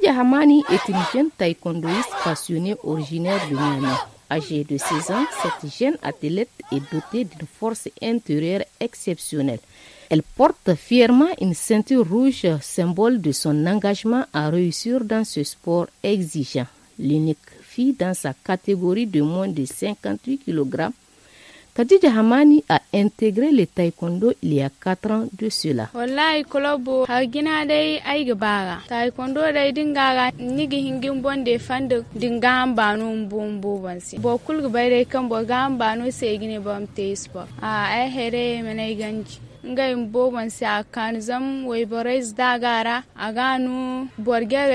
K: Hamani est une jeune taekwondoïste passionnée originaire de Myanmar. Âgée de 16 ans, cette jeune athlète est dotée d'une force intérieure exceptionnelle. Elle porte fièrement une ceinture rouge, symbole de son engagement à réussir dans ce sport exigeant. L'unique fille dans sa catégorie de moins de 58 kg Kadija Hamani a intégré le taekwondo il y a 4 ans de cela.
M: Wallahi kolobo hagina dai ai gbara. Taekwondo dai dingara nigi hingin bonde fanda dingam banu bombo bansi. Bo kul gabai dai kan bo gam banu segine bam A ai here menai ganji. nga a kan zam wai barai da gara a gano ga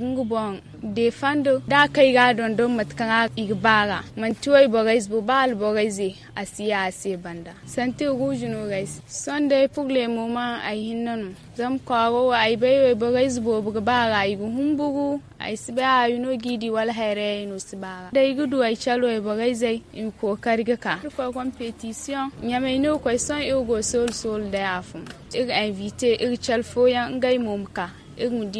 M: gingu bon defando da kai ga don don matkan igbara mantiwai borais bu bal boraise a siya a se banda santi rujinu rais sonde pour le moment ay hinnan zam kwaro ay bayo borais bu bugbara ay gumburu ay siba ay no gidi wal hayre no sibara dai gudu ay chalo ay boraise in ko ga ka ko competition nyame no ko son ego sol sol da afum ir invité ir ya ngai momka en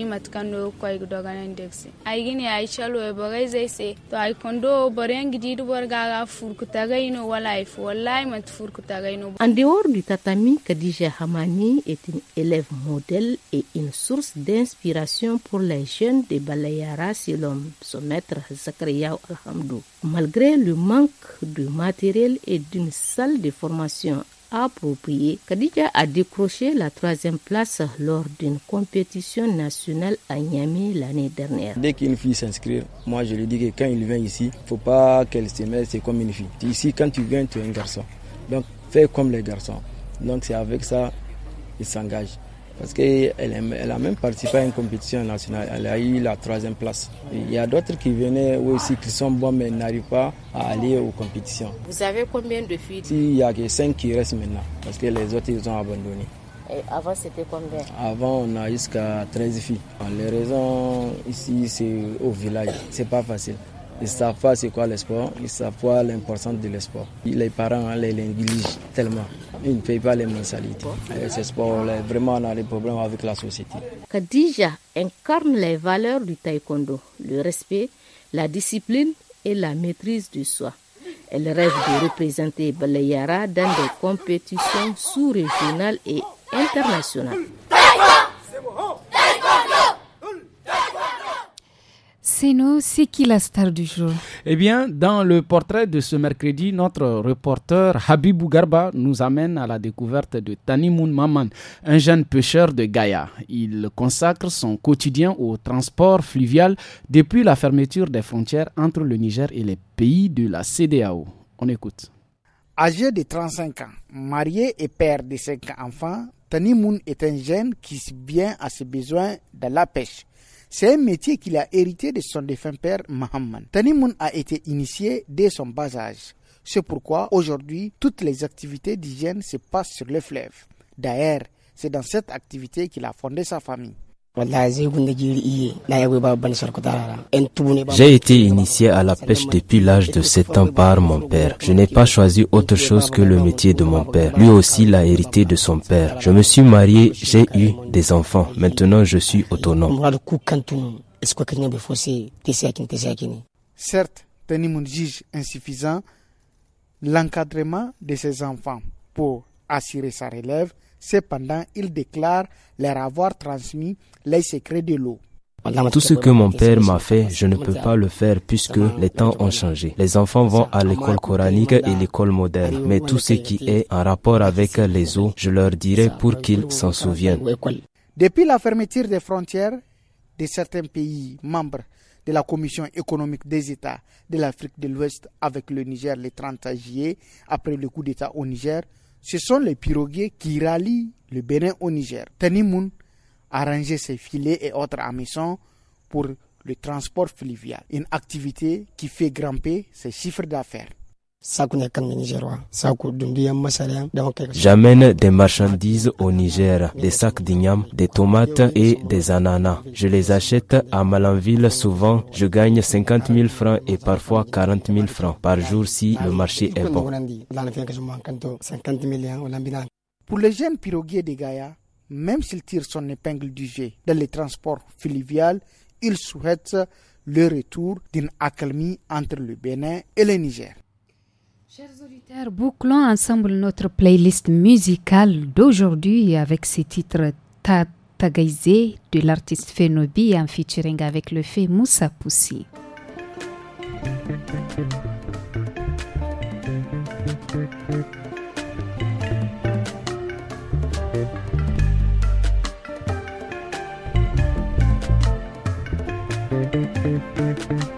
K: dehors du tatami Kadija Hamani est une élève modèle et une source d'inspiration pour les jeunes de Balayara selon son maître Zakariya Alhamdou malgré le manque de matériel et d'une salle de formation Approprié. Kadija a décroché la troisième place lors d'une compétition nationale à Niamey l'année dernière.
L: Dès qu'une fille s'inscrit, moi je lui dis que quand il vient ici, il ne faut pas qu'elle se mette, comme une fille. Ici, quand tu viens, tu es un garçon. Donc fais comme les garçons. Donc c'est avec ça, qu'il s'engage parce qu'elle elle a même participé à une compétition nationale, elle a eu la troisième place. Il y a d'autres qui venaient aussi, qui sont bons, mais n'arrivent pas à aller aux compétitions.
K: Vous avez combien de filles
L: Il y a que cinq qui restent maintenant, parce que les autres, ils ont abandonné.
K: Et avant, c'était combien
L: Avant, on a jusqu'à 13 filles. Les raisons ici, c'est au village. ce n'est pas facile. Ils ne savent pas c'est quoi le sport, ils ne savent pas l'importance le sport. Les parents hein, les négligent tellement. Ils ne payent pas les mensualités. Et ce sport, vraiment, on a des problèmes avec la société.
K: Khadija incarne les valeurs du taekwondo, le respect, la discipline et la maîtrise du soi. Elle rêve de représenter Balayara dans des compétitions sous-régionales et internationales nous, c'est
B: qui la star du jour
A: Eh bien, dans le portrait de ce mercredi, notre reporter Habibou Garba nous amène à la découverte de Tanimoun Maman, un jeune pêcheur de Gaïa. Il consacre son quotidien au transport fluvial depuis la fermeture des frontières entre le Niger et les pays de la CDAO. On écoute.
J: Âgé de 35 ans, marié et père de 5 enfants, Tanimoun est un jeune qui vient à ses besoins de la pêche. C'est un métier qu'il a hérité de son défunt père Mahamman. Tanimoun a été initié dès son bas âge. C'est pourquoi aujourd'hui, toutes les activités d'hygiène se passent sur le fleuve. D'ailleurs, c'est dans cette activité qu'il a
K: fondé sa famille. J'ai
L: été initié à la pêche depuis l'âge de 7 ans par mon père. Je n'ai pas choisi autre chose que le métier de mon père. Lui aussi l'a hérité de son père. Je me suis marié, j'ai eu des enfants. Maintenant, je suis
J: autonome. Certes, Tenimoun juge insuffisant l'encadrement de ses enfants pour assurer sa relève. Cependant, il déclare leur avoir transmis secrets de l'eau.
L: Tout ce que mon père m'a fait, je ne peux pas le faire puisque les temps ont changé. Les enfants vont à l'école coranique et l'école moderne, mais tout ce qui est en rapport avec les eaux, je leur dirai pour qu'ils s'en souviennent.
J: Depuis la fermeture des frontières de certains pays membres de la Commission économique des États de l'Afrique de l'Ouest avec le Niger le 30 juillet, après le coup d'État au Niger, ce sont les piroguiers qui rallient le Bénin au Niger. Tanimoun arranger ses filets et autres hameçons pour le transport fluvial, une activité qui fait grimper ses chiffres d'affaires.
L: J'amène des marchandises au Niger, des sacs d'igname, des tomates et des ananas. Je les achète à Malanville souvent. Je gagne 50 000 francs et parfois 40 000 francs par jour si le marché est bon.
J: Pour les jeunes piroguiers de Gaïa, même s'il tire son épingle du jet dans les transports fluviales, il souhaite le retour d'une accalmie entre le Bénin et le Niger. Chers
B: auditeurs, bouclons ensemble notre playlist musicale d'aujourd'hui avec ses titres Tatagaisé de l'artiste Fenobi en featuring avec le fait Moussa Poussi.
E: Thank you.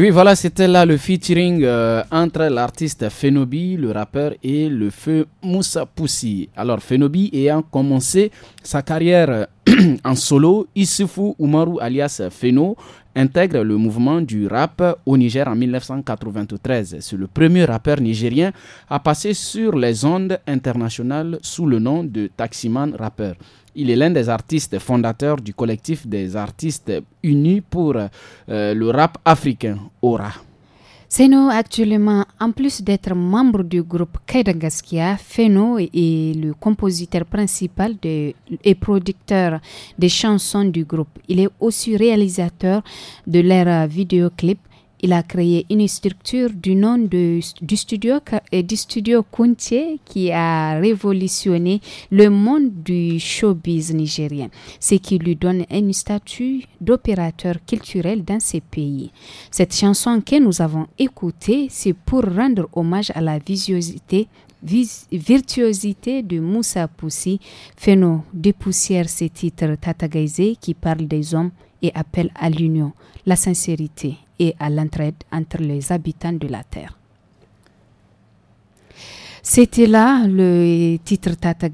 A: Et oui, voilà, c'était là le featuring euh, entre l'artiste Fenobi, le rappeur, et le feu Moussa Poussi. Alors Fenobi ayant commencé sa carrière en solo, Issoufou Umaru alias Feno intègre le mouvement du rap au Niger en 1993. C'est le premier rappeur nigérien à passer sur les ondes internationales sous le nom de Taximan Rapper. Il est l'un des artistes fondateurs du collectif des artistes unis pour euh, le rap africain, Aura.
B: Seno, actuellement, en plus d'être membre du groupe Kaidangaskia, Feno est le compositeur principal et producteur des chansons du groupe. Il est aussi réalisateur de leurs vidéoclips il a créé une structure du nom de, du studio euh, du studio qui a révolutionné le monde du showbiz nigérien, ce qui lui donne un statut d'opérateur culturel dans ces pays. Cette chanson que nous avons écoutée, c'est pour rendre hommage à la virtuosité de Moussa Poussi, nous dépoussière ses titres Tatagaisé qui parle des hommes et appelle à l'union, la sincérité et à l'entraide entre les habitants de la terre. C'était là le titre Tata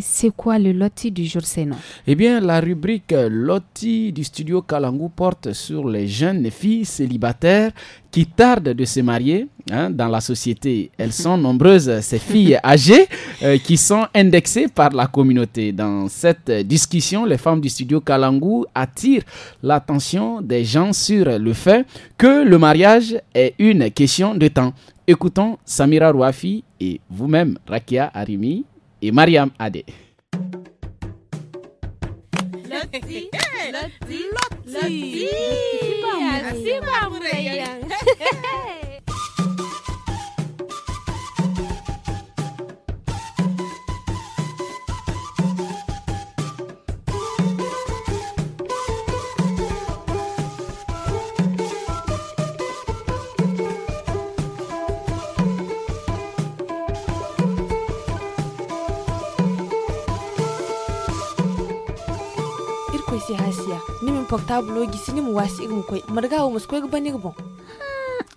B: C'est quoi le loti du jour, c'est
A: Eh bien, la rubrique euh, loti du studio Kalangu porte sur les jeunes filles célibataires qui tardent de se marier hein, dans la société. Elles sont nombreuses, ces filles âgées, euh, qui sont indexées par la communauté. Dans cette discussion, les femmes du studio Kalangu attirent l'attention des gens sur le fait que le mariage est une question de temps Écoutons Samira Rouafi et vous-même, Rakia Arimi et Mariam Ade.
B: portable gi sinimu wasi igmu koy margawo mus koy gbanig bon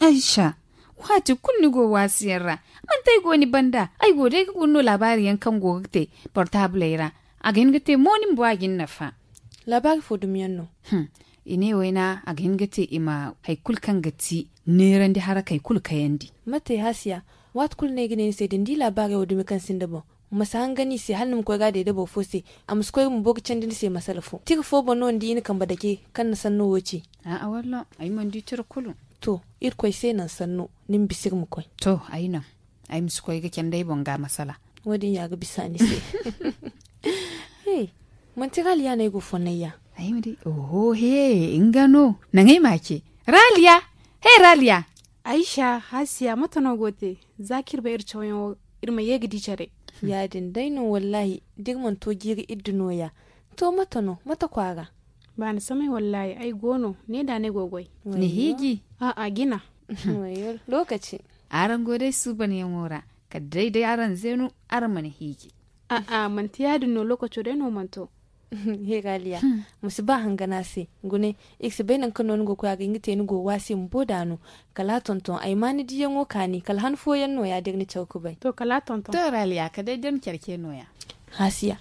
B: aisha wati kunni go wasiyarra an tai goni banda ai go dai kunno labari kan go te portable ira ga gite monin bo agin nafa labari fo dum yanno hmm. ine waina agin gite ima haikul kan gati neran di haraka kayandi
F: mate hasiya wat kul ne gine sai din di labari wo dum kan sindabo masangani se halnum koy gade de bo a am koyi mu bok chandin se masalfo tig fo bono ndi in kamba dake kan na sanno woci a a wallo ayi man di tur kulu to ir koy sai nan
B: sanno nin bisir mu koy to ay nan ay mu skoy ga dai bonga masala wadin ya ga bisani sai hey mun tigal ya ne go
F: fonayya ay mu di
B: oho he gano nan ay make raliya hey raliya
F: aisha hasiya mata gote zakir ba ir chawon irma yegi dicare yadin dainu wallahi dirman to giri idinoya to mata no mata kwara ba
B: ni samai wallahi ai gono ne da ne gogoi ni higi a a gina lokaci aran gode su ban yan wora ka daidai aran zenu aran mani higi a a mantiya no lokaci dai no manto hegaliya hmm. ba
F: hangana se gune ikse benan kanon go kwa ga ngite ni go wasi mbodano kala tonton ay mani di yango kani kala han fo yan no ya degni chawku bai to kala tonton to raliya ka dai den kerke no ya hasiya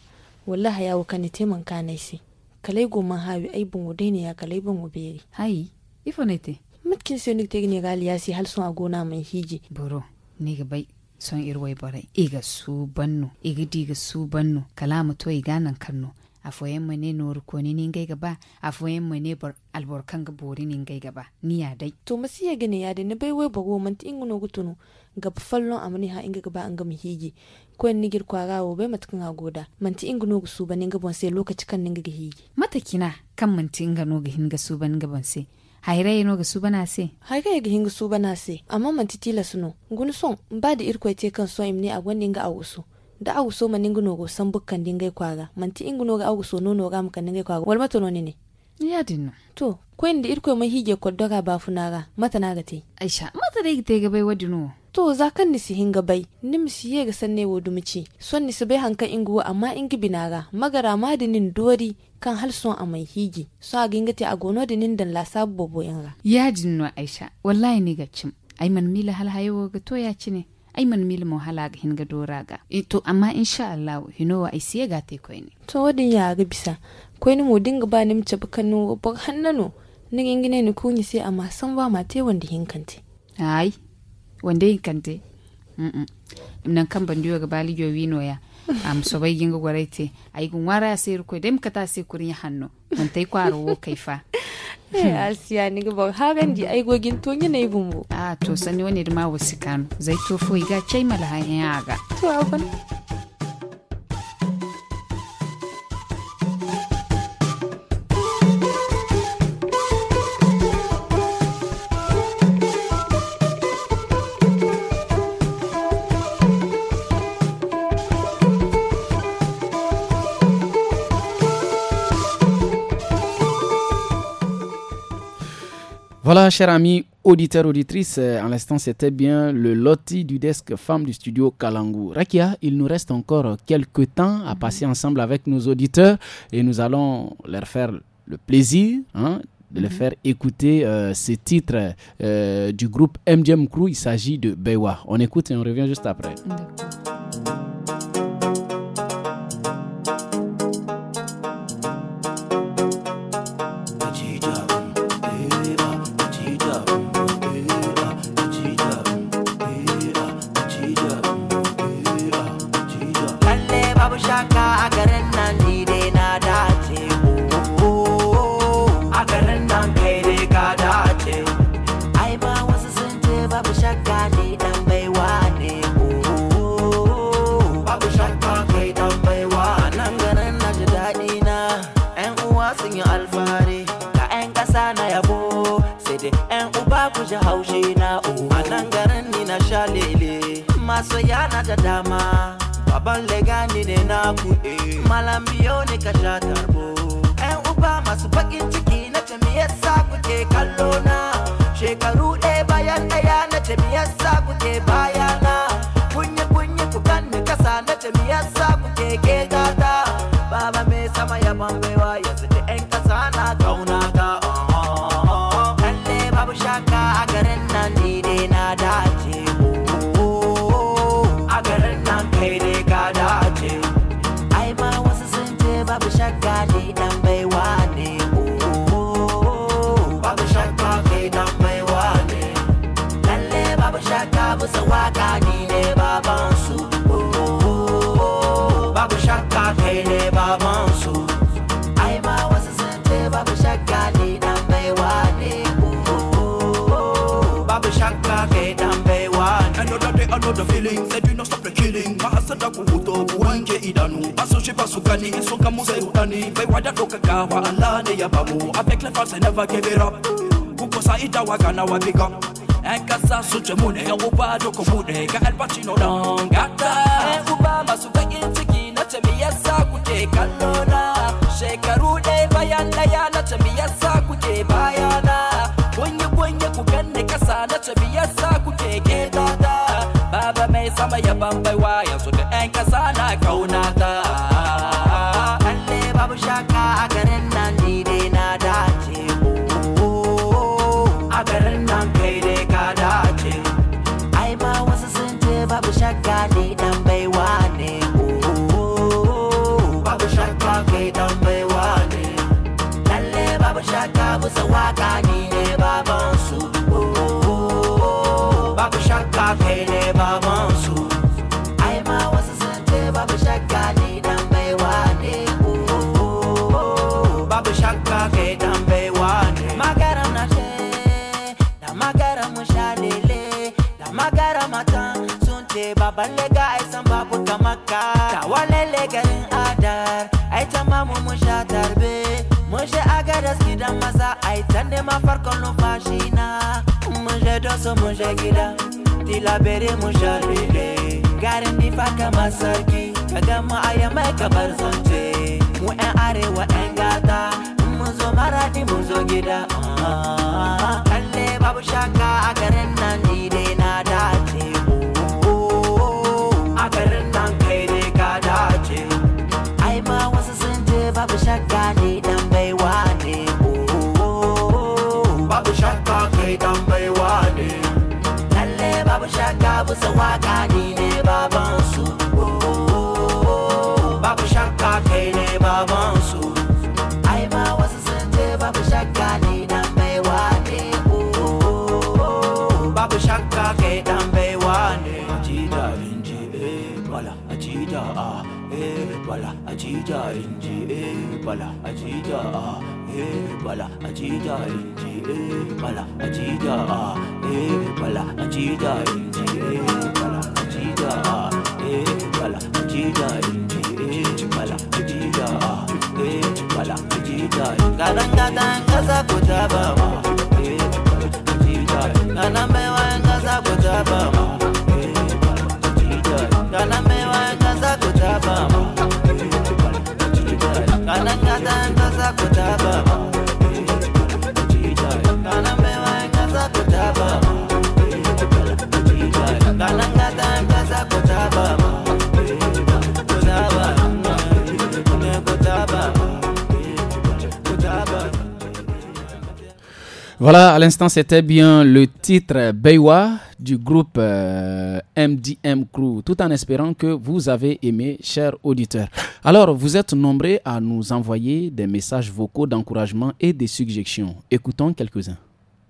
F: wallahi ya wakani teman kanai se kalai go man hawi ay bun dai ne ya kalai bungo beri hai ifo ne te mutkin se ni tegni galiya si hal sun
B: agona man hiji boro ne ga bai son irwai bare iga su banno iga diga su banno kalama to iga nan kanno a afoyen mane ni ningai gaba afoyen mane alborkan ga bori ningai gaba ni ya dai to masiya gane ya dai ne bai wai
F: bago mun tin ingono gutunu ga fallon amani ha inga gaba an ga higi ko en nigir kwa wo bai ha agoda mun tin ingono gu su banin bon sai lokaci kan ninga ga higi matakina kan man
B: ti ingano ga hinga su ga bon sai haire yano ga subana se
F: haire ga hinga subana se amma man titila suno gun son ba da irkwai te kan so imni a gwanin ga awusu da agu so ma gino go san bukkan dingai kwaga manti ingino ga agu so nono ga mukan dingai kwaga wal mato noni ne ya dina. to ko inda irko mai hige ko bafu ba funaga mata na ga te aisha mata dai te ga bai wadino to za kan ni si hinga bai nim si ye ga sanne wo dumici son ni si bai hanka inguwa amma ingi binaga magara madinin dori kan hal son a mai hige
B: so a te a gono dinin dan la sabu bobo yanga ya dina aisha wallahi ni ga cim ai man mila hal hayo ga to ya ci ne ai man mil mo halaga hinga doraga to amma insha Allah hinowa ai siya ga te koyni to wadin ya
F: ga bisa koyni mo dinga ba nim ce bakanu ba hannano ni ingine ni kunyi sai amma san ba te wanda hinkante ai
B: wanda hinkante mm nan kan ban diyo ga bali yo wino ya am so bai ginga gwarai te ai gun wara sai ko dem kata sai kurin hannu mun tai kwaro kai fa. Eh, asiyani kuba haka ndi aigogin tonye na ibumbu a ah, to sani wani rima wasikano zai tofo iga chaimala hanyaga to akwai
A: Voilà, chers amis auditeurs, auditrices, en euh, l'instant, c'était bien le loti du desk femme du studio Kalangu. Rakia, il nous reste encore quelques temps à passer ensemble avec nos auditeurs et nous allons leur faire le plaisir hein, de les mhm. faire écouter euh, ces titres euh, du groupe MGM Crew. Il s'agit de Bewa. On écoute et on revient juste après.
E: ji haushe na uku a ni na sha lele masu yana da dama baban legani ne na kuɗe malam biyo ne ka sha tarbo yan uba masu bakin ciki na ce me yasa kuke kallo na shekaru ɗaya bayan ɗaya na ce me yasa baya na kunye kunye ku kan ni kasa na ce me yasa ke gata baba mai sama ya bambewa yanzu
L: kutoka Museutani, Vaiwada toka Kawa, Alane ya Babu, avec les Français never give it up. Kukosa itawaga na wapiga. Enkasa
E: suche mune, uba doko mune, ka El Pacino dangata. Uba masuka intiki, na temi yasa kuke kanona. Shekaru dai bayan daya, na temi yasa kuke bayana. Bunye bunye kukan ne kasa, na temi yasa kuke gedada. Baba mai sama ya bambaiwa porco nu fascina Mânge dosul, mânge ghida Ti la bere, mânge rire Gare ni facă mă sărchi Că gama aia mai că bărzănce Mu en are, wa en gata Mânzo marati, mânzo ghida ah, Kalle ah, ah. babu shaka a nan ni dai na wannan waka ni ne babansu babu shakka kai ne babansu ai ma wasu sun je babu shakka ni dan mai wane babu shakka kai dan mai wane a ci da inji eh bala a ci da a eh bala a ci da inji eh bala a ci da a eh bala a ci da inji eh bala a ci da a eh bala a ci da inji kadangkatangaza kutabama
A: Voilà, à l'instant, c'était bien le titre Beiwa du groupe MDM euh, Crew, tout en espérant que vous avez aimé, chers auditeurs. Alors, vous êtes nombreux à nous envoyer des messages vocaux d'encouragement et des suggestions. Écoutons quelques-uns.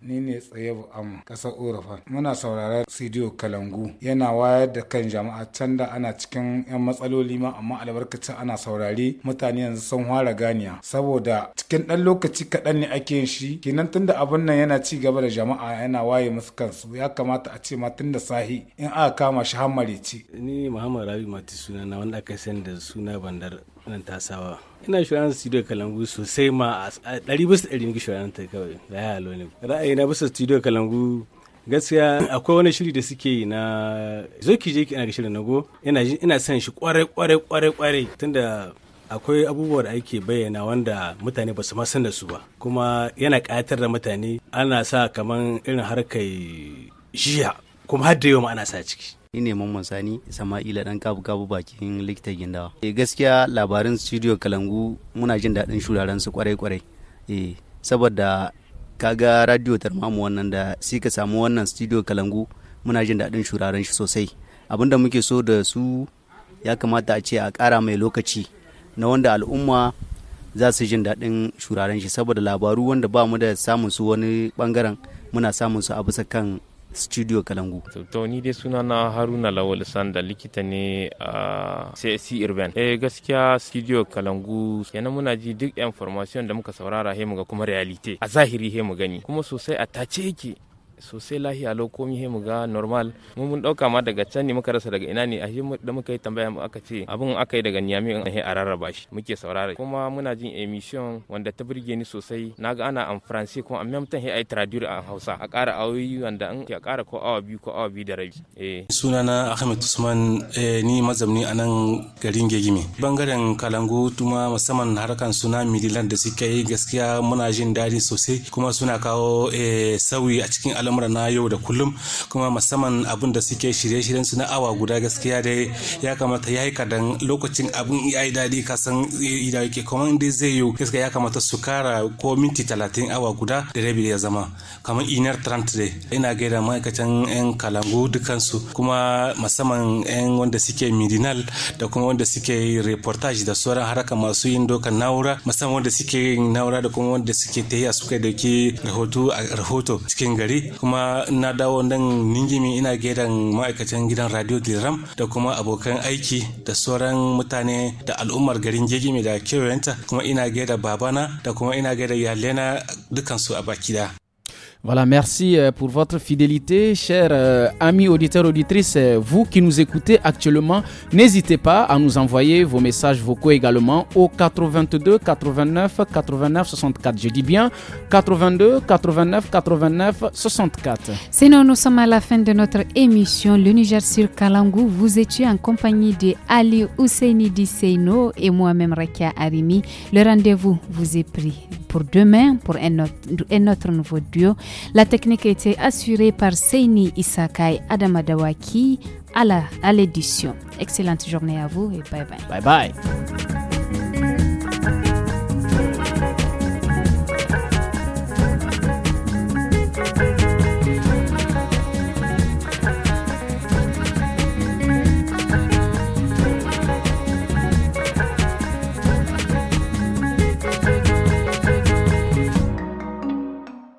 I: ni ne tsaye am ƙasar orofan muna sauraron sidiyo kalangu yana wayar da kan jama'a can da ana cikin 'yan matsaloli ma amma albarkacin ana saurari mutane yanzu sun fara ganiya saboda cikin ɗan lokaci kaɗan ne ake yin shi kenan tunda abin nan yana ci gaba da jama'a yana waye musu kansu ya kamata a ce ma tunda sahi in aka kama shi hammare ce ni muhammad rabi mati suna na wanda aka sani da suna bandar nan tasawa ina shirin studio kalangu sosai ma a ɗari bisa ɗari niki shirin ta kawai da ya halo ne ra'ayi na bisa studio kalangu gaskiya akwai wani shiri da suke yi na zo ki je ki ina shirin nago ina ina san shi kwarai kwarai kwarai kwarai tunda akwai abubuwa da ake bayyana wanda mutane ba su ma san da su ba kuma yana ƙayatar da mutane ana sa kamar irin harkar jiya
G: kuma har da yau ma ana sa ciki ni ne mamman sani sama'ila dan kabu kabu bakin likitan gindawa e gaskiya labarin studio kalangu muna jin daɗin shuraren su kwarai kwarai e eh, saboda kaga radio tarmamu wannan da si ka samu wannan studio kalangu muna jin daɗin shuraren shi sosai da muke so da su ya kamata a ce a ƙara mai lokaci na wanda al'umma za su jin daɗin shuraren shi saboda labaru wanda ba mu da samun su wani bangaren muna samun su a bisa kan studio kalangu
L: to ni dai suna na haruna lawal sanda likita ne a csc urban eh gaskiya studio kalangu kenan muna ji duk information da muka saurara he mu ga kuma realite a zahiri he mu gani kuma sosai a tace yake sosai lahiya lau ko mihe mu ga normal mu mun dauka ma daga can ne muka rasa daga ina ne a shi da muka yi tambaya mu aka ce abin aka yi daga niyami in a rarraba shi muke saurara kuma muna jin emission wanda ta burge ni sosai naga ana an faransi kuma a memtan he ai traduire a hausa a kara awoyi wanda an ke kara ko awa biyu ko awa biyu da rabi eh
I: sunana ahmed usman eh, ni mazamni a nan garin gegime bangaren kalango tuma musamman harkan suna midland da suka yi gaskiya muna jin daɗi sosai kuma suna kawo eh, sauyi a cikin alam al'amura na yau da kullum kuma musamman abin da suke shirye-shiryen su na awa guda gaskiya da ya kamata ya yi kadan lokacin abin ya yi daɗi ka san ya yake kuma inda zai yi gaskiya ya kamata su kara ko minti talatin awa guda da rabi ya zama kamar inar trant dai ina gaida ma'aikatan yan kalangu dukansu kuma musamman yan wanda suke midinal da kuma wanda suke reportage da sauran haraka masu yin dokan na'ura musamman wanda suke yin na'ura da kuma wanda suke a suka dauki rahoto a rahoto cikin gari kuma na dawo nan ningimi ina gidan ma'aikatan gidan radio diram da kuma abokan aiki da sauran mutane da al'ummar garin jejimi da kewayenta kuma ina gaida babana da kuma ina gaida yalena
A: dukansu a baki da Voilà, merci euh, pour votre fidélité, chers euh, amis auditeurs, auditrices, euh, vous qui nous écoutez actuellement, n'hésitez pas à nous envoyer vos messages vocaux également au 82 89 89 64. Je dis bien 82 89 89 64.
B: Sinon, nous sommes à la fin de notre émission Le Niger sur Kalangou. Vous étiez en compagnie de Ali Ousseini Disseino et moi-même Rekia Arimi. Le rendez-vous vous est pris pour demain pour un autre nouveau duo. La technique a été assurée par Seini Isakai Adamadawaki à l'édition. Excellente journée à vous et bye bye.
K: Bye
A: bye.